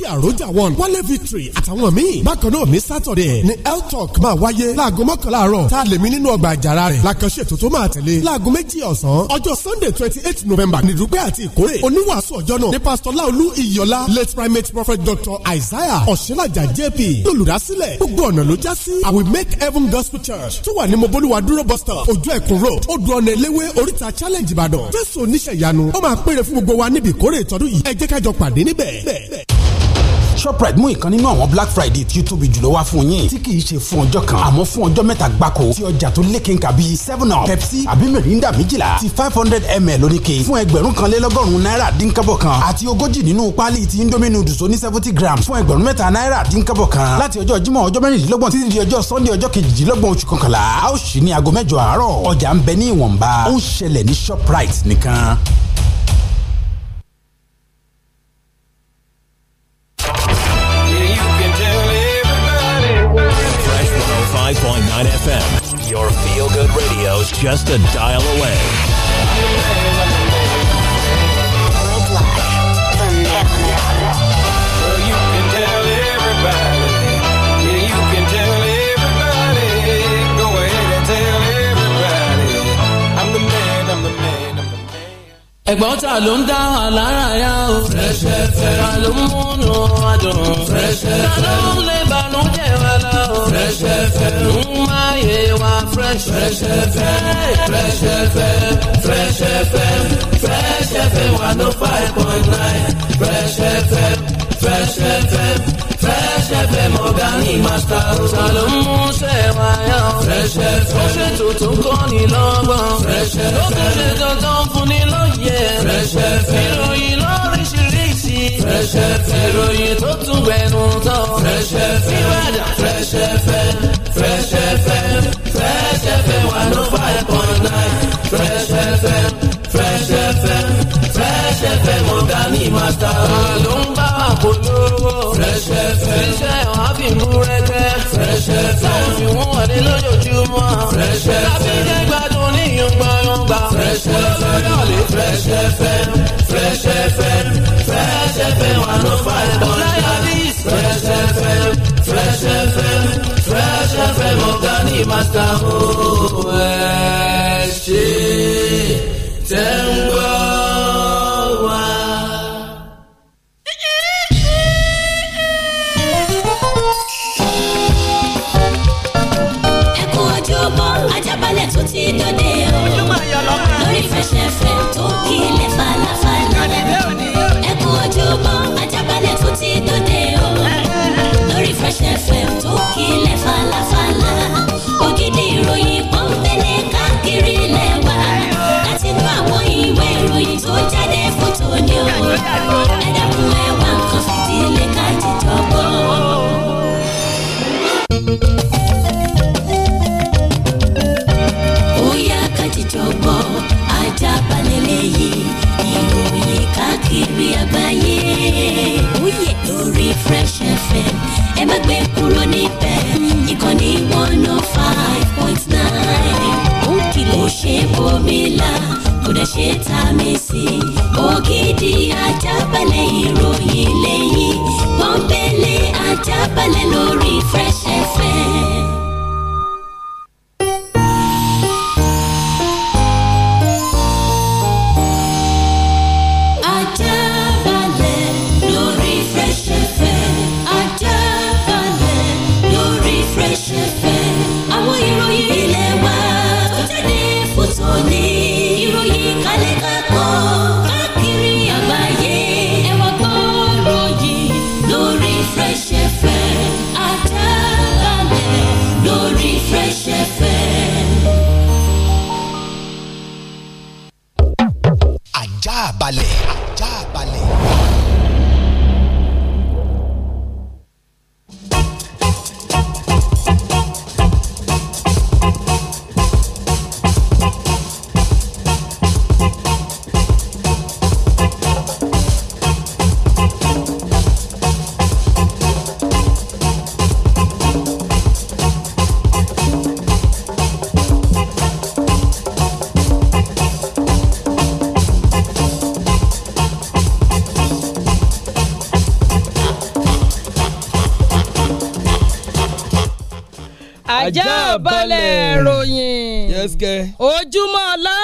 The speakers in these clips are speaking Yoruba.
títí àròjà one wálé victory àtàwọn míì bákan náà ní sátọ̀dẹ̀ ní eltok máa wáyé láago mọ́kànlá àárọ̀ tá a lè mi nínú ọgbà àjàrà rẹ̀ làkànṣe tó tó máa tẹ̀lé láago méjì ọ̀sán ọjọ́ sunday twenty eight november nìdúpẹ́ àti ìkórè oníwàásù ọjọ́ náà ní pásítọ̀ láolú ìyọlá late primate prophet Doctor isaiah ọ̀ṣẹ́làjà jp lọ́lùdásílẹ̀ gbogbo ọ̀nà ló já sí i will make heaven gospel church tó wà ní moboluwa dúró bus stop ojú ẹ̀kún road odò ọ̀nà eléwé oríta challenge ìbàdàn jésù oníṣẹ̀yanu ó máa pèrè fún gbogbo wa níbi ìkórè ìtọ́dún yìí ẹ jẹ́ ká jọ pàdé níbẹ̀ shoprite mú ìkan nínú àwọn black friday tí ó tóbi jùlọ wá fún yín tí kì í ṣe fún ọjọ́ kan àmọ́ fún ọjọ́ mẹ́ta gbáko tí ọjà tó lékenka bíi seven up pepsi àbí mirinda méjìlá ti five hundred ml oníke fún ẹgbẹ̀rún kan lé lọ́gọ́rùn-ún náírà dínkàbọ̀ kan àti ogójì nínú páálí ti indomie noodles oní seventy grams fún ẹgbẹ̀rún mẹ́ta náírà dínkàbọ̀ kan láti ọjọ́ jímọ̀ ọjọ́ mẹ́rìndínlọ́gbọ̀n títí di ọjọ́ sunday ọjọ́ kejìdínlọ́gbọ̀n oṣù kọkànlá a ó ṣí ní aago mẹ́jọ àárọ̀ ọjà ń bẹ ní ìwọ̀nba ó ń ṣẹlẹ̀ ní shoprite nìkan. 105.9 FM. Your feel good radio is just a dial away. Well, you can tell everybody. Yeah, you can tell everybody. Go ahead and tell everybody. I'm the man, I'm the man, I'm the man. Ẹ̀gbọ́n ta ló ń dá wa lára yá o? Fẹ́ṣẹ̀ ló ń múnú wa dùn? Fẹ́ṣẹ̀ ló ń lé ń jẹ lọ. Fresh FM ń máyé wa Fresh Fresh FM Fresh FM Fresh FM Fresh FM wa ló five point nine Fresh FM Fresh FM Fresh FM ọ̀gá ni màtà ọ̀sà ló ń mú sẹ́wà yá. Fresh FM ó ṣe tuntun kọ́ ni lọ́gbọ̀n. Fresh FM ló kéde dandan fún ni lóye. Fresh FM ìròyìn lórí. Fresh FM ìròyìn tó tún gbẹnu tán Fresh FM ìwádà Fresh FM Fresh FM Fresh FM wà ló fà ẹ̀kọ́ náà Fresh FM Fresh FM. Fresh FM ọ̀gá ní màtà. ló ń bá wa polówó. Fresh FM iṣẹ́ ọ̀hábì mú rẹ́tẹ́. Fresh FM táwọn fi wọ́n wọlé lójoojúmọ́. Fresh FM láti jẹ́ gbádùn ní yọ̀ngbọ̀nyọ̀ngbà. Fresh FM olórí Fresh FM Fresh FM Fresh FM wà ló fà ẹ̀ bọ̀ láyàbí. Fresh FM Fresh FM Fresh FM ọ̀gá ní ẹ ṣe tẹ́ ń gbọ́. Fresh FM tó kílẹ̀ falafala. ẹ kú ojúmọ́ ajábalẹ̀ tó ti o. lórí Fresh FM tó falafala. ògidì ìròyìn pọ́npẹ́lẹ́ káàkiri lẹ́wà. látinú àwọn ìwé ìròyìn tó jáde fún tòní lẹ́yìn ìròyìn káàkiri àgbáyé. lórí Fresh FM ẹ má gbé kúrò níbẹ̀ ìkànnì one oh five point nine. Ó kìlọ̀ ṣe bomi la kò dẹ̀ ṣe tá a mi sí. Ògidì ajábalẹ̀ ìròyìn lẹ́yìn pọ́npẹ́lẹ́ ajábalẹ̀ lórí Fresh FM. gẹ. ojúmọ́ ọlá.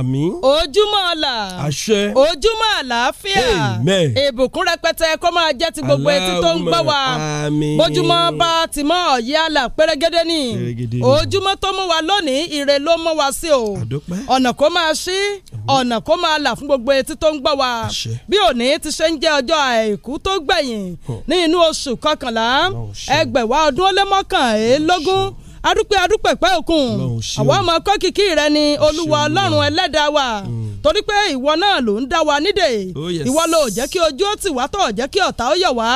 àmín. ojúmọ́ ọlà. àṣẹ. ojúmọ́ àlàáfíà. amen. ìbùkún rẹpẹtẹ kó máa jẹ́ ti gbogbo etí tó ń gbọ́ wa. àmín. bójúmọ́ bá ti mọ́ ọ̀yẹ́ àlà pẹ́rẹ́gẹ́dẹ́ ni. pẹ́rẹ́gẹ́dẹ́ ni. ojúmọ́ tó mú wa lónìí ire ló mú wa sí o. àdópẹ́. ọ̀nà kó máa ṣí ọ̀nà kó máa là fún gbogbo etí tó ń gbọ́ wa. àṣẹ. bí òní ti ṣe ń jẹ́ ọjọ́ àìkú tó gbẹ̀yìn ní inú oṣù kọkànlá ẹgbẹ̀wá ọdún ó lé mọ́kànlélógún adúpẹ́ adúpẹ́ pẹ́ òkun àwa ọmọ kọ́kìkì rẹ ni olúwa ọlọ́run ẹlẹ́dàá wa. Mm torí pé ìwọ náà ló ń dá wa nídè oh, ìwọ ló jẹ́ kí ojú ó tì wá tó jẹ́ kí ọ̀tá ó yọ̀ wá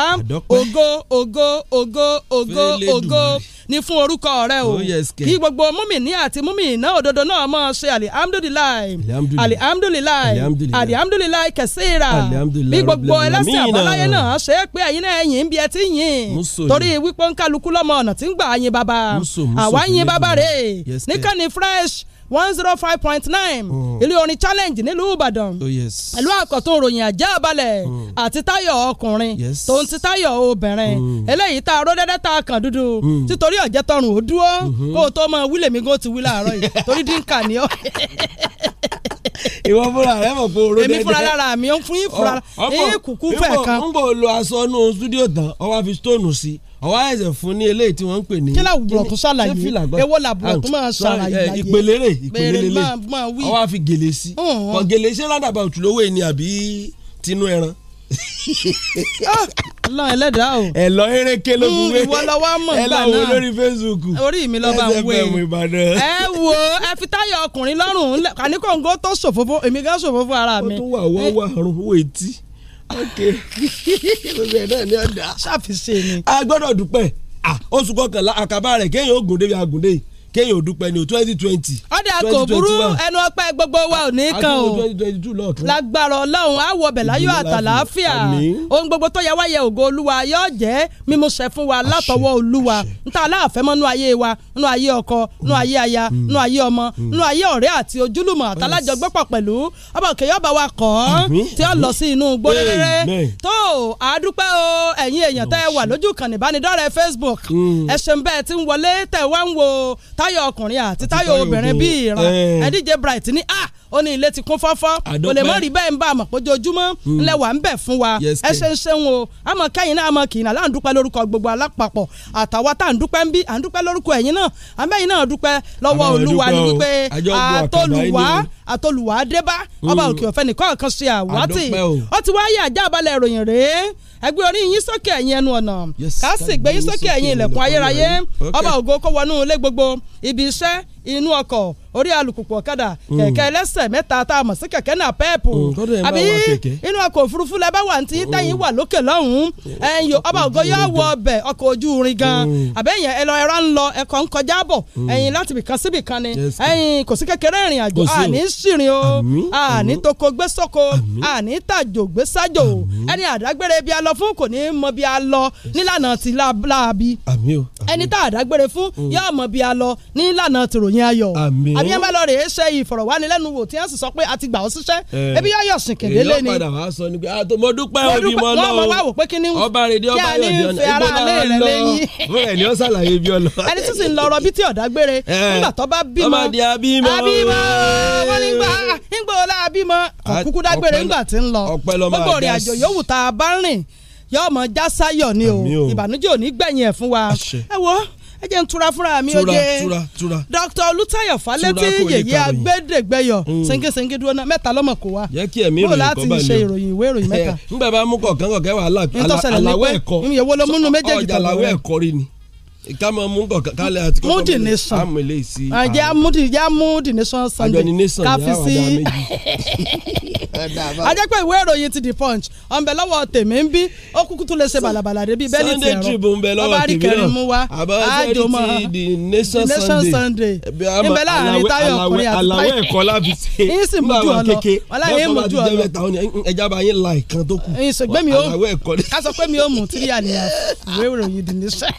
ògo ògo ògo ògo ògo ní fún orúkọ rẹ o oh, kí gbogbo múmìnì àti múmìnà òdodo náà mọ̀ ṣe alihamdulilayi alihamdulilayi alihamdulilayi kẹsíra bí gbogbo ẹlẹ́sìn àbáláyé náà ṣe é pé ẹ̀yin náà yìn bí ẹ ti yìn torí wípé ń kálukú lọ́mọ ọ̀nà tí ń gbà yín bàbá àwa yín bàbá rè nìkan ni fresh one zero oh five point nine oh. ilé orin challenge nílùú ìbàdàn oh, pẹ̀lú àkọ́tún ròyìn àjẹ́ àbálẹ̀ àti táyọ̀ ọkùnrin tòun ti táyọ̀ obìnrin eléyìí tá a ró dẹ́dẹ́ tá a kàn dúdú títorí ọ̀jẹ̀ tọrùn ó dúró mm-hmm. kó o tó mọ wílé mi kó ti wí láàárọ̀ yìí torí dínkà ni ọ́ ìwọ fúnra rẹ mọ̀ pé oró dẹ́dẹ́ èmi fúnra lára mi ń fún yín fúra èyí kúkú fẹ̀ kan. ń bò lo aṣọ nù stúdíò tán ọ wá fi stóònù sí i ọwọ́ ẹ̀sẹ̀ fún ní eléyìí tí wọ́n ń pè ní. kí làwùrọ̀ tó ṣàlàyé èwo làwùrọ̀ tó máa ṣàlàyé. Eh, ìpèlérè ìpèlérè ọwọ́ àfi gèlè sí. kò gèlè sí ládàbà òtúlówó ni àbí tinú ẹran. ọlọ ah, ẹlẹ́dàá o. ẹ lọ eréke ló fi hmm, wé ìwọ lọ́wọ́ mọ nígbà náà ẹ lọ wo lórí Facebook. orí mi lọ bá ń wé ẹ wo ẹ fi táyà ọkùnrin lọ́rùn àníkàngó tó ṣòfófó èmi gan ṣòfófó ara mi. ó tún wà wá wà àrùn owó etí. gbogbo ẹ̀ náà ni ọ̀dà. sáfìsì ni. a gbọ́dọ̀ dúpẹ́ oṣù kọkànlá àkàbà rẹ̀ kéèyàn ó gòdè bí agòdè yìí kéèyàn ò dúpẹ́ ní o twenty twenty. ọ̀dà kò burú ẹnu ọpẹ́ gbogbo wa ò ní kan o lágbára ọlọ́run á wọ bẹ̀láyọ̀ àtàlàáfíà ohun gbogbo tó yẹ wá yẹ ògo olúwa yóò jẹ́ mímúṣẹ fún wa látọwọ́ olúwa níta aláàfẹ́ mọ́ nú ayé wa nú ayé ọkọ nú ayé aya mm. nú ayé ọmọ mm. nú ayé ọ̀rẹ́ àti ojúlùmọ̀ àtàlájọgbẹ́pọ̀ pẹ̀lú ọba òkè yọba wa kọ́ tí ó lọ sí inú gbóléré tó àádúpẹ́ o ẹ̀yin èèyàn tẹ́ wà lójú kàn Facebook mm. ẹ̀sìn bẹ́ẹ̀ ti táyọ̀ ọkùnrin àti táyọ̀ obìnrin bíi ìran eh. ẹ̀díje bright ní ah ó ní ilé ti kún fọ́fọ́ kò lè mọ́ rí bẹ́ẹ̀ ń bá àmọ̀ hmm. ń bẹ̀ fún wa ẹ ń ṣeun o àmọ́ kẹ́yìn náà àmọ́ kìnnà là ń dúpẹ́ lórúkọ gbogbo alápapọ̀ àtàwa tá à ń dúpẹ́ ń bí à ń dúpẹ́ lórúkọ ẹ̀yin náà àmẹ́yìn náà dúpẹ́ lọ́wọ́ ọba hmm. òkè ọ̀fẹ́ nìkan kan ṣe àwátì ó ti wáyé àjábalẹ̀ ìròyìn rèé ẹnu ọ̀nà yín sókè ilẹ̀kùn ọba ògo kó wọnú gbogbo ibi iṣẹ́ inú ọkọ̀ orí alùpùpù ọ̀kadà hmm. kẹ̀kẹ́ ẹlẹ́sẹ̀ mẹ́ta tá a mọ̀ sí kẹ̀kẹ́ náà pẹ́ẹ̀pù hmm, àbí inú ọkọ̀ òfurufú lẹ bá wà ní tí tẹ́yìn hmm. wà lókè lọ́hùn-ún ẹ̀yìn ọba ògo yóò wọ ọbẹ̀ ọkọ̀ ojú irin gan àbẹ́yìn ẹ̀lọ ẹ̀rọ ń lọ ẹ̀kọ́ ń kọjá bọ̀ ẹ̀yìn láti bìkan síbì kan ni ẹ̀yìn kò sí kékeré ìrìn àjò àní ṣìrìn o àní toko gbé sóko àní tàjò gbé sájò ẹni àdágbére bí a lọ fún kò ní mọ bí a lọ nílànà ti láabi ẹni tá àdágbére fún yóò mọ bí a lọ nílànà tìròyìn ẹ̀yìn ayọ̀ àbí ẹ̀ bá lọ rèé ṣe ìfọ̀rọ̀wánilẹ́nuwò tí wọ́n sì sọ pé a ti gbà ọ́ síṣẹ́ ẹbí yọ̀yọ̀ sìn kèdè lé ni. èyí ọ̀padà wàá sọ ni pé ah, mo dúpẹ́ òbí mo lọ o ọba rèdí ọba yọ̀dí ọ̀nà ìbò náà lọ fún ẹ̀ ní ó ṣàlàyé bí ọlọ. ẹni tí sì lọ ọ̀rọ̀ bíi tí ọ̀dà gbére eh. nígbà tó bá bímọ abímọ eh. wọn ni gbà ńgbà ọ̀la abímọ kúkú jásáyọ̀ ni o ìbànújẹ́ ò ní gbẹ̀yìn ẹ̀ fún wa ẹ wo ẹ jẹ́ n tura fúnra mi ó yẹ dr olùtayọ falẹ́tí yèyé agbẹ́dẹ́gbẹ́yọ mm. sẹ́ńkẹ́sẹ́ńkẹ́ dúró náà mẹ́ta lọ́mọ kò wá jẹ́ kí ẹ̀mí láti ṣe ìròyìn ìwé ìròyìn mẹ́ta. n eh, bẹ̀ bá mú kọ̀ọ̀kan kọ̀ọ̀kan wà aláwọ̀ ẹ̀kọ́ ọjà aláwọ̀ ẹ̀kọ́ rí ni kama mu nkan kálẹ̀ àti kọ́kọ́ múdi nation amúlẹ̀ sí i. àjẹ́ múdi nation sunday káfíìsì ajẹ́ pé ìwé ìròyìn ti the punch ọ̀nbẹ lọ́wọ́ tèmi ń bí ó kúkú tún lè ṣe bàlàbàlà débi bẹ́ẹ̀ni ti ẹ̀rọ ọba àríkẹrin mú wa àjò mọ́ the nation sunday ìbẹ̀ láàrin táyọ̀ ọkùnrin àti táyọ̀ ẹ̀kọ́ láfi ṣe ń sì mú ju ọlọ ọláyé mú ju ọlọ ẹja bá yín la ìkan tó kù àlàwẹ̀ ẹ̀kọ́ ni. ká sọ pé mi ò mú tírí àníyàn ìwé ìròyìn the nation.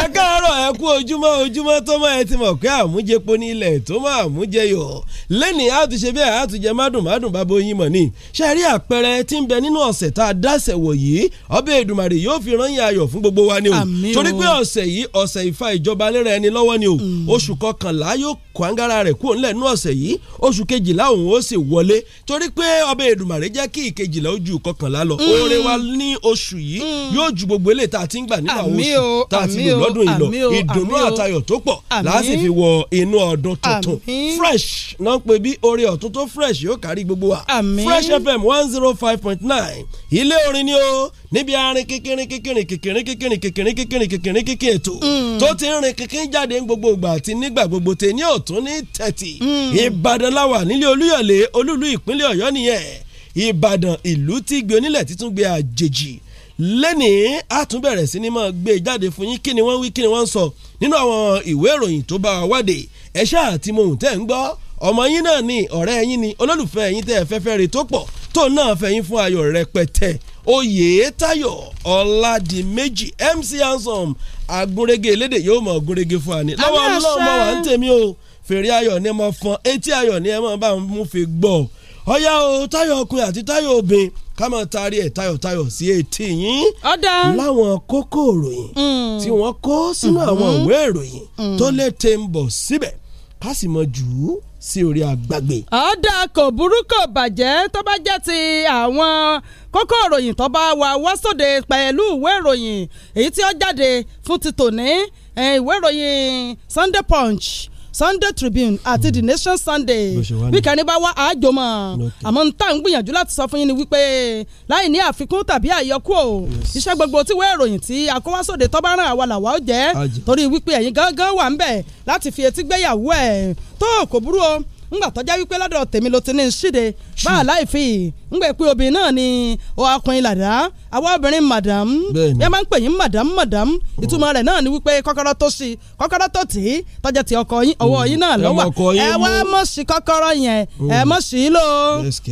ẹ káàárọ̀ ẹ kú ojúmọ́ ojúmọ́ tó mọ́ ẹ ti mọ̀ pé àmújẹpo ní ilẹ̀ tó mọ́ àmújẹyọ̀ lẹ́nìí àtúnṣe bẹ́ẹ̀ àtúnjẹ mádùn bá bo ròyìn mọ̀ ni ṣe rí àpẹẹrẹ tí ń bẹ nínú ọ̀sẹ̀ tá a dáṣẹ̀ wọ̀ yìí ọbẹ̀ Èdùmàrè yóò fi rányìn ayọ̀ fún gbogbo wa ni o torí pé ọ̀sẹ̀ yìí ọ̀sẹ̀ ìfà ìjọba lẹ́rẹ̀ ẹni lọ́wọ́ ni o mm. oṣù kọkànlá yóò kó àǹgára rẹ̀ kúrò nílẹ̀ nínú ọ̀sẹ̀ yìí oṣù kejìlá òun ó sì wọlé torí pé ọbẹ̀ Èdùmàrè jẹ́ kí ìkejìlá ojú kọkànlá lọ mm. oore wa ní oṣù yìí mm. yóò ju gbogbo eléyìí tá a ti ń gbà nínú oṣù tá a ti lò lọ́dún yìí lọ ìdùnnú àtayọ̀ tó pọ̀ láti fi wọ inú ọdún tuntun fresh náà pé bí oore ọ̀tun tó fresh yóò kárí gbogbo wa àmín. fresh fm one zero oh five point nine ilé orin ni o níbi arin kékeré kékeré kékeré kékeré kékeré kékeré kékeré kékeré ètò mm. tó ti ń rin kékeré jáde gbogbo ìgbà àti nígbà gbogbo tè ní òtún ní tẹ̀tì mm. ìbàdàn la wà nílé olúyọ̀lé olúlu ìpínlẹ̀ ọ̀yọ́ nìyẹn ìbàdàn ìlú tí gbé onílẹ̀ títún gbé àjèjì lẹ́nìí àtúnbẹ̀rẹ̀ sí ni máa gbé jáde fún yín kí ni wọ́n wí kí ni wọ́n sọ nínú àwọn ìwé ìròyìn tó bá wa wáde ẹ̀ṣẹ́ àti mohun tẹ́ ń gbọ́ ọmọ yín náà ni ọ̀rẹ́ yín ni olólùfẹ́ yín tẹ́ fẹ́fẹ́ rè tó pọ̀ tó náà fẹ̀yìn fún ayọ̀ rẹpẹtẹ Oyètáyọ̀ Ọládìméjì MC Ansom agúnrégé elédè yóò mọ̀ agúnrégé fún wa ni lọ́wọ́ ọlọ́mọ wa ń tèmi o fèrè ayọ̀ ni mo fọn etí ayọ̀ ni ẹ mọ̀ bá mú fi gbọ́ ọ̀yá o táyọ̀ ọkùnrin àti táyọ̀ obìnrin ká máa taari ẹ̀ tayọ̀tayọ̀ sí etí yín láwọn kókó ìròyìn mm. tí wọ́n kó sínú àwọn mm-hmm. ìwé ìròyìn tó mm. lè tẹ̀ ń bọ̀ síbẹ̀ ká jù ú sí orí àgbàgbé. ọ̀dà kò burúkú bàjẹ́ tó bá jẹ́ ti àwọn kókó ìròyìn tó bá wà wá sóde pẹ̀lú ìwé ìròyìn èyí tí ó jáde fún ti tòní eh, ìwé ìròyìn Sunday Punch Sunday Tribune àti mm. The Nation Sunday bí kẹrin bá wá àjò mọ àmọ́ n tá n gbìyànjú láti sọ fún yín ni wípé láì ní àfikún tàbí àyọkú o iṣẹ́ gbogbo tí wọ́n èròyìn tí akọ́wásòde tọ́báràn àwàlàwà ó jẹ́ torí wípé ẹ̀yin gángan wà ń bẹ̀ láti fi etí gbéyàwó ẹ̀ tó kò burú o ńgbà tọ́já wípé lọ́dọ̀ tèmi ló ti ní í ṣíde báà láì fi ń gbẹ pé obìnrin náà ni ọkùnrin làdá àwa obìnrin madam bí a máa ń pè yín madam madam ìtumọ̀ rẹ̀ náà ni wípé kọ́kọ́rọ́ tó sí kọ́kọ́rọ́ tó tì í tọ́jà ti ọkọ yín ọwọ́ mm. yín náà lọ́wọ́ ẹ wá mọ̀ sí kọ́kọ́rọ́ yẹn ẹ mm. mọ̀ sí lò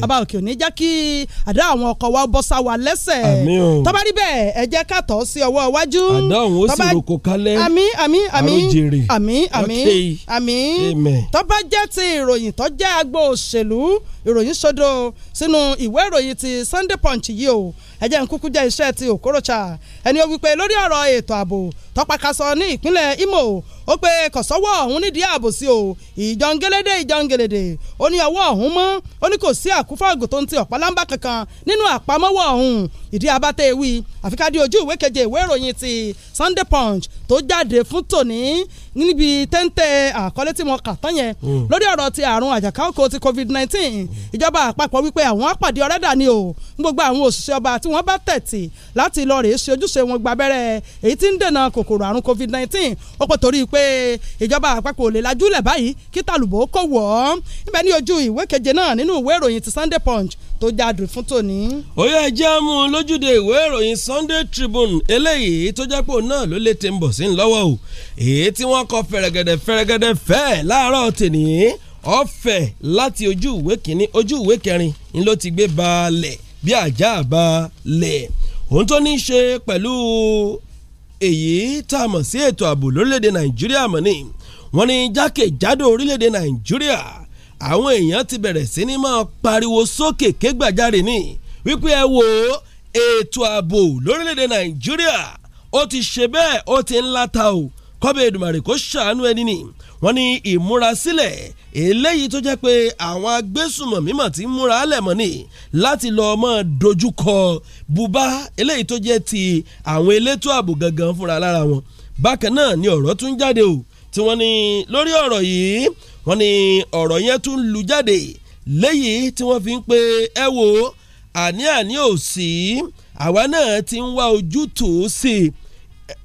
ọba òkè òní jẹ́ kí àdá àwọn ọkọ wa bọ́ sá wa lẹ́sẹ̀ tọ́ba rí bẹ́ẹ̀ ẹ jẹ́ ká tọ́ sí ọwọ́ iwájú àdá àwọn ó sì roko kálẹ̀ àmín àmín àmín àmín àmín àmín tọ́ba jẹ́ ti agbo òṣèlú ìròyìn sọ́dọ̀ sínú ì ìwé ìròyìn ti Sunday Punch yìí o ẹjẹ́ ń kúkú jẹ́ iṣẹ́ ti Okorocha ẹni ó wípé lórí ọ̀rọ̀ ètò ààbò tọpakasọ ní ìpínlẹ̀ Imo ó pé kọ̀sọ́wọ́ ọ̀hún nídìí ààbò sí o ìjọngẹlẹ́dẹ́ ìjọngẹlẹ́dẹ́ ó ní ọwọ́ ọ̀hún mọ́ ó ní kò sí àkúfàgò tó ń ti ọ̀pálámbá kankan nínú àpamọ́wọ́ ọ̀hún ìdí abáté wí àfikádìí ojú ìwé keje ìwé ìròyìn ti Sunday Punch tó jáde fún tòní níbi tẹ́ńtẹ́ àkọlé tí mo kà tán yẹn hmm. lórí ọ̀rọ̀ ti àrùn àjàká ti covid nineteen, ìjọba àpapọ̀ wípé àwọn àpàdé ọ̀rẹ́dà ni o gbogbo àwọn òṣìṣẹ́ ọba tí tí wọ́n bá tẹ̀tì láti lọ rèé ṣe ojúṣe wọn gba abẹ́rẹ́ èyí tí ń dènà kòkòrò àrùn covid-19 ó pọ̀ torí pé ìjọba àpapọ̀ ò lè lajúlẹ̀ báyìí kí tàlùbọ̀ kò wọ̀ ọ́ níbẹ̀ ní ojú ìwé keje náà nínú ìwé ìròyìn ti Sunday Punch tó jáde fún tòní. ó yẹ jẹ́ mú un lójúde ìwé ìròyìn Sunday Tribune eléyìí tó jẹ́ pé òun náà ló lè ti ń bọ̀ sí ń lọ́wọ́ o èyí tí wọ́n kọ fẹ̀rẹ̀gẹ̀dẹ̀ fẹ̀rẹ̀gẹ̀dẹ̀ fẹ́ láàárọ̀ tènìyàn ọ̀fẹ́ láti ojú ìwé kìíní ojú ìwé kẹrin ni ló ti gbé balẹ̀ bí àjà àbálẹ̀ ohun tó ní í ṣe pẹ̀lú èyí tá a mọ̀ sí ètò ààbò lórílẹ̀‐èdè nàìjíríà mọ̀ ni wọ́n ní jákèjádò orílẹ̀‐èdè nàìjíríà àwọn èèyàn ti bẹ̀rẹ̀ sí ní máa pariwo sókè kégbàjarè ni wípé ẹ wo ètò ààbò lórílẹ̀‐èdè nàìjíríà ó ti ṣe bẹ́ẹ̀ ó ti ń láta o kọ́bẹ̀ kó ṣàánú ẹni nìyí wọ́n ní ìmúrasílẹ̀ eléyìí tó jẹ́ pé àwọn agbésùmọ̀mí mọ̀ tí ń múra alẹ̀ mọ́ ni láti lọ́ọ́ mọ́ dojúkọ bùbá eléyìí tó jẹ́ ti àwọn elétò ààbò gangan fúnra lára wọn bákan náà ni ọ̀rọ̀ tún jáde o tí wọ́n ní lórí ọ̀rọ̀ yìí wọ́n ní ọ̀rọ̀ yẹn tún lu jáde léyìí tí wọ́n fi ń pe ẹ wo àní àní ò sí àwa náà ti ń wá ojútùú sí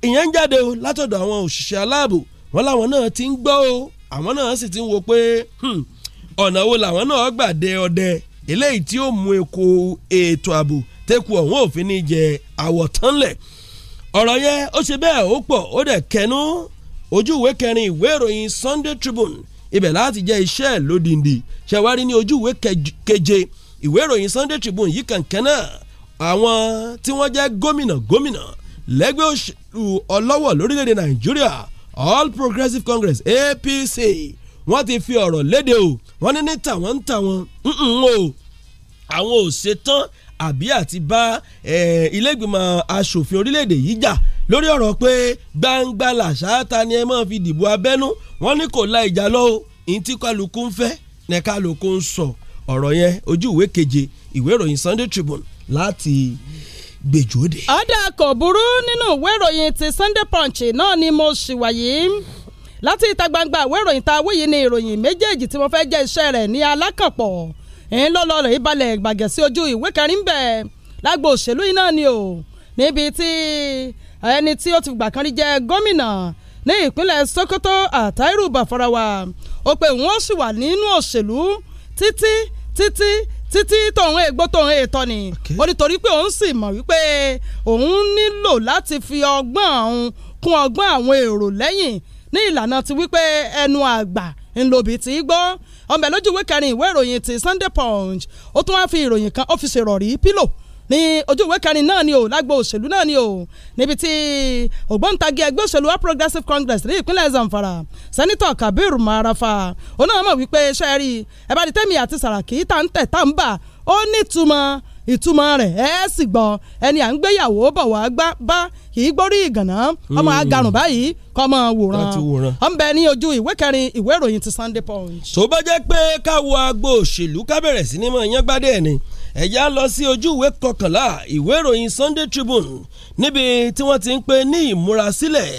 ìyẹn ń jáde o látọ̀dọ̀ àwọn òṣìṣẹ́ aláàbò wọ́n láwọn náà ti ń gbọ́ o àwọn náà sì ti ń wo pé hmm, ọ̀nà wo làwọn náà gbà dé ọdẹ eléyìí tí ó mú eko ètò ààbò tẹ́kù ọ̀hún òfin ní jẹ àwọ̀tánlẹ̀ ọ̀rọ̀ yẹn ó ṣe bẹ́ẹ̀ ó pọ̀ ó dẹ̀ kẹnu ojú kẹrin ìwé ìròyìn Sunday Tribune ibẹ̀ láti jẹ́ iṣẹ́ lódìndí ṣẹ̀wárí ní ojú ìwé keje ìwé ìròyìn Sunday Tribune yìí kànkẹ́ náà àwọn tí wọ́n jẹ́ gómìnà gómìnà lẹ́gbẹ́ òṣèlú ọlọ́wọ̀ lórílẹ̀‐èdè Nàìjíríà All Progressive Congress APC wọ́n ti fi ọ̀rọ̀ léde o wọ́n ní ní tàwọn ń tàwọn o àwọn ò ṣetán àbí àti bá ilé-ìgbìmọ̀ asòfin orílẹ̀-èdè yìí jà lórí ọ̀rọ̀ pé gbangba làṣà ta ni ẹ máa fi dìbò abẹ́nú wọ́n ní kò la ìjà lọ́wọ́ ìntí kálukú ń fẹ́ ní kálukú ń sọ ọ̀rọ̀ yẹn ojú ìwé keje ìwé ìròyìn Sunday Tribune láti gbèjú òde. ọ̀dà kò burú nínú ìwé ìròyìn ti Sunday Punch náà ni mo ṣì wàyí láti ìta gbangba ìwé ìròyìn ta wíyí ni ìròyìn méjèèjì tí mo fẹ́ jẹ́ iṣẹ́ rẹ̀ ní alákànpọ̀ ń lọ́lọ́rọ̀ ìbalẹ̀ gbàgẹ̀sí ojú ìwé kẹrin bẹ̀ lágbo òṣèlú yìí náà ni o níbi tí ẹni tí ó ti gbà kan rí jẹ gómìnà ní ìpínlẹ̀ Sokoto Àtàírù Bàfarawa ó pé òun ó sì wà nínú òṣèlú títí títí títí tòun ègbó tòun ètò ni ó ní torí pé òun sì mọ̀ wípé òun nílò láti fi ọgbọ́n òun kún ọgbọ́n àwọn èrò lẹ́yìn ní ìlànà ti wípé ẹnu àgbà ńlọbi tí gbọ́ ọmọ ẹ̀ lójú ìwé kẹrin ìwé ìròyìn ti Sunday Punch ó tún wá fi ìròyìn kan ó fi ṣèrọ̀rí pílò ní ojú ìwé kẹrin náà ni o lágbo òṣèlú náà ni o níbi tí ògbóǹtagì ẹgbẹ́ òṣèlú wa progressive congress ní ìpínlẹ̀ zamfara sẹ́nitọ̀ kabir marafa òun náà mọ̀ wípé iṣẹ́ rí ẹ bá di tẹ́mi àti sàràkí tá ń tẹ̀ tá ń bà ó nítumọ̀ ìtumọ̀ rẹ̀ ẹ sì gbọ́ ẹni à ń gbéyàwó bọ̀ wá gbá bá kì í gbórí ìgànnà ọmọ hmm. agarun báyìí kọ́mọ wòran ọ̀nbẹ ní ojú ìwé kẹrin ìwé ìròyìn ti Sunday Punch. tó bá jẹ́ pé káwọ agbo òṣèlú ká sí ní mọ̀ yẹn gbádẹ́ ẹ̀ ni ẹ̀yà lọ sí ojú ìwé kọkànlá ìwé ìròyìn Sunday Tribune níbi tí wọ́n ti ń pè ní ìmúrasílẹ̀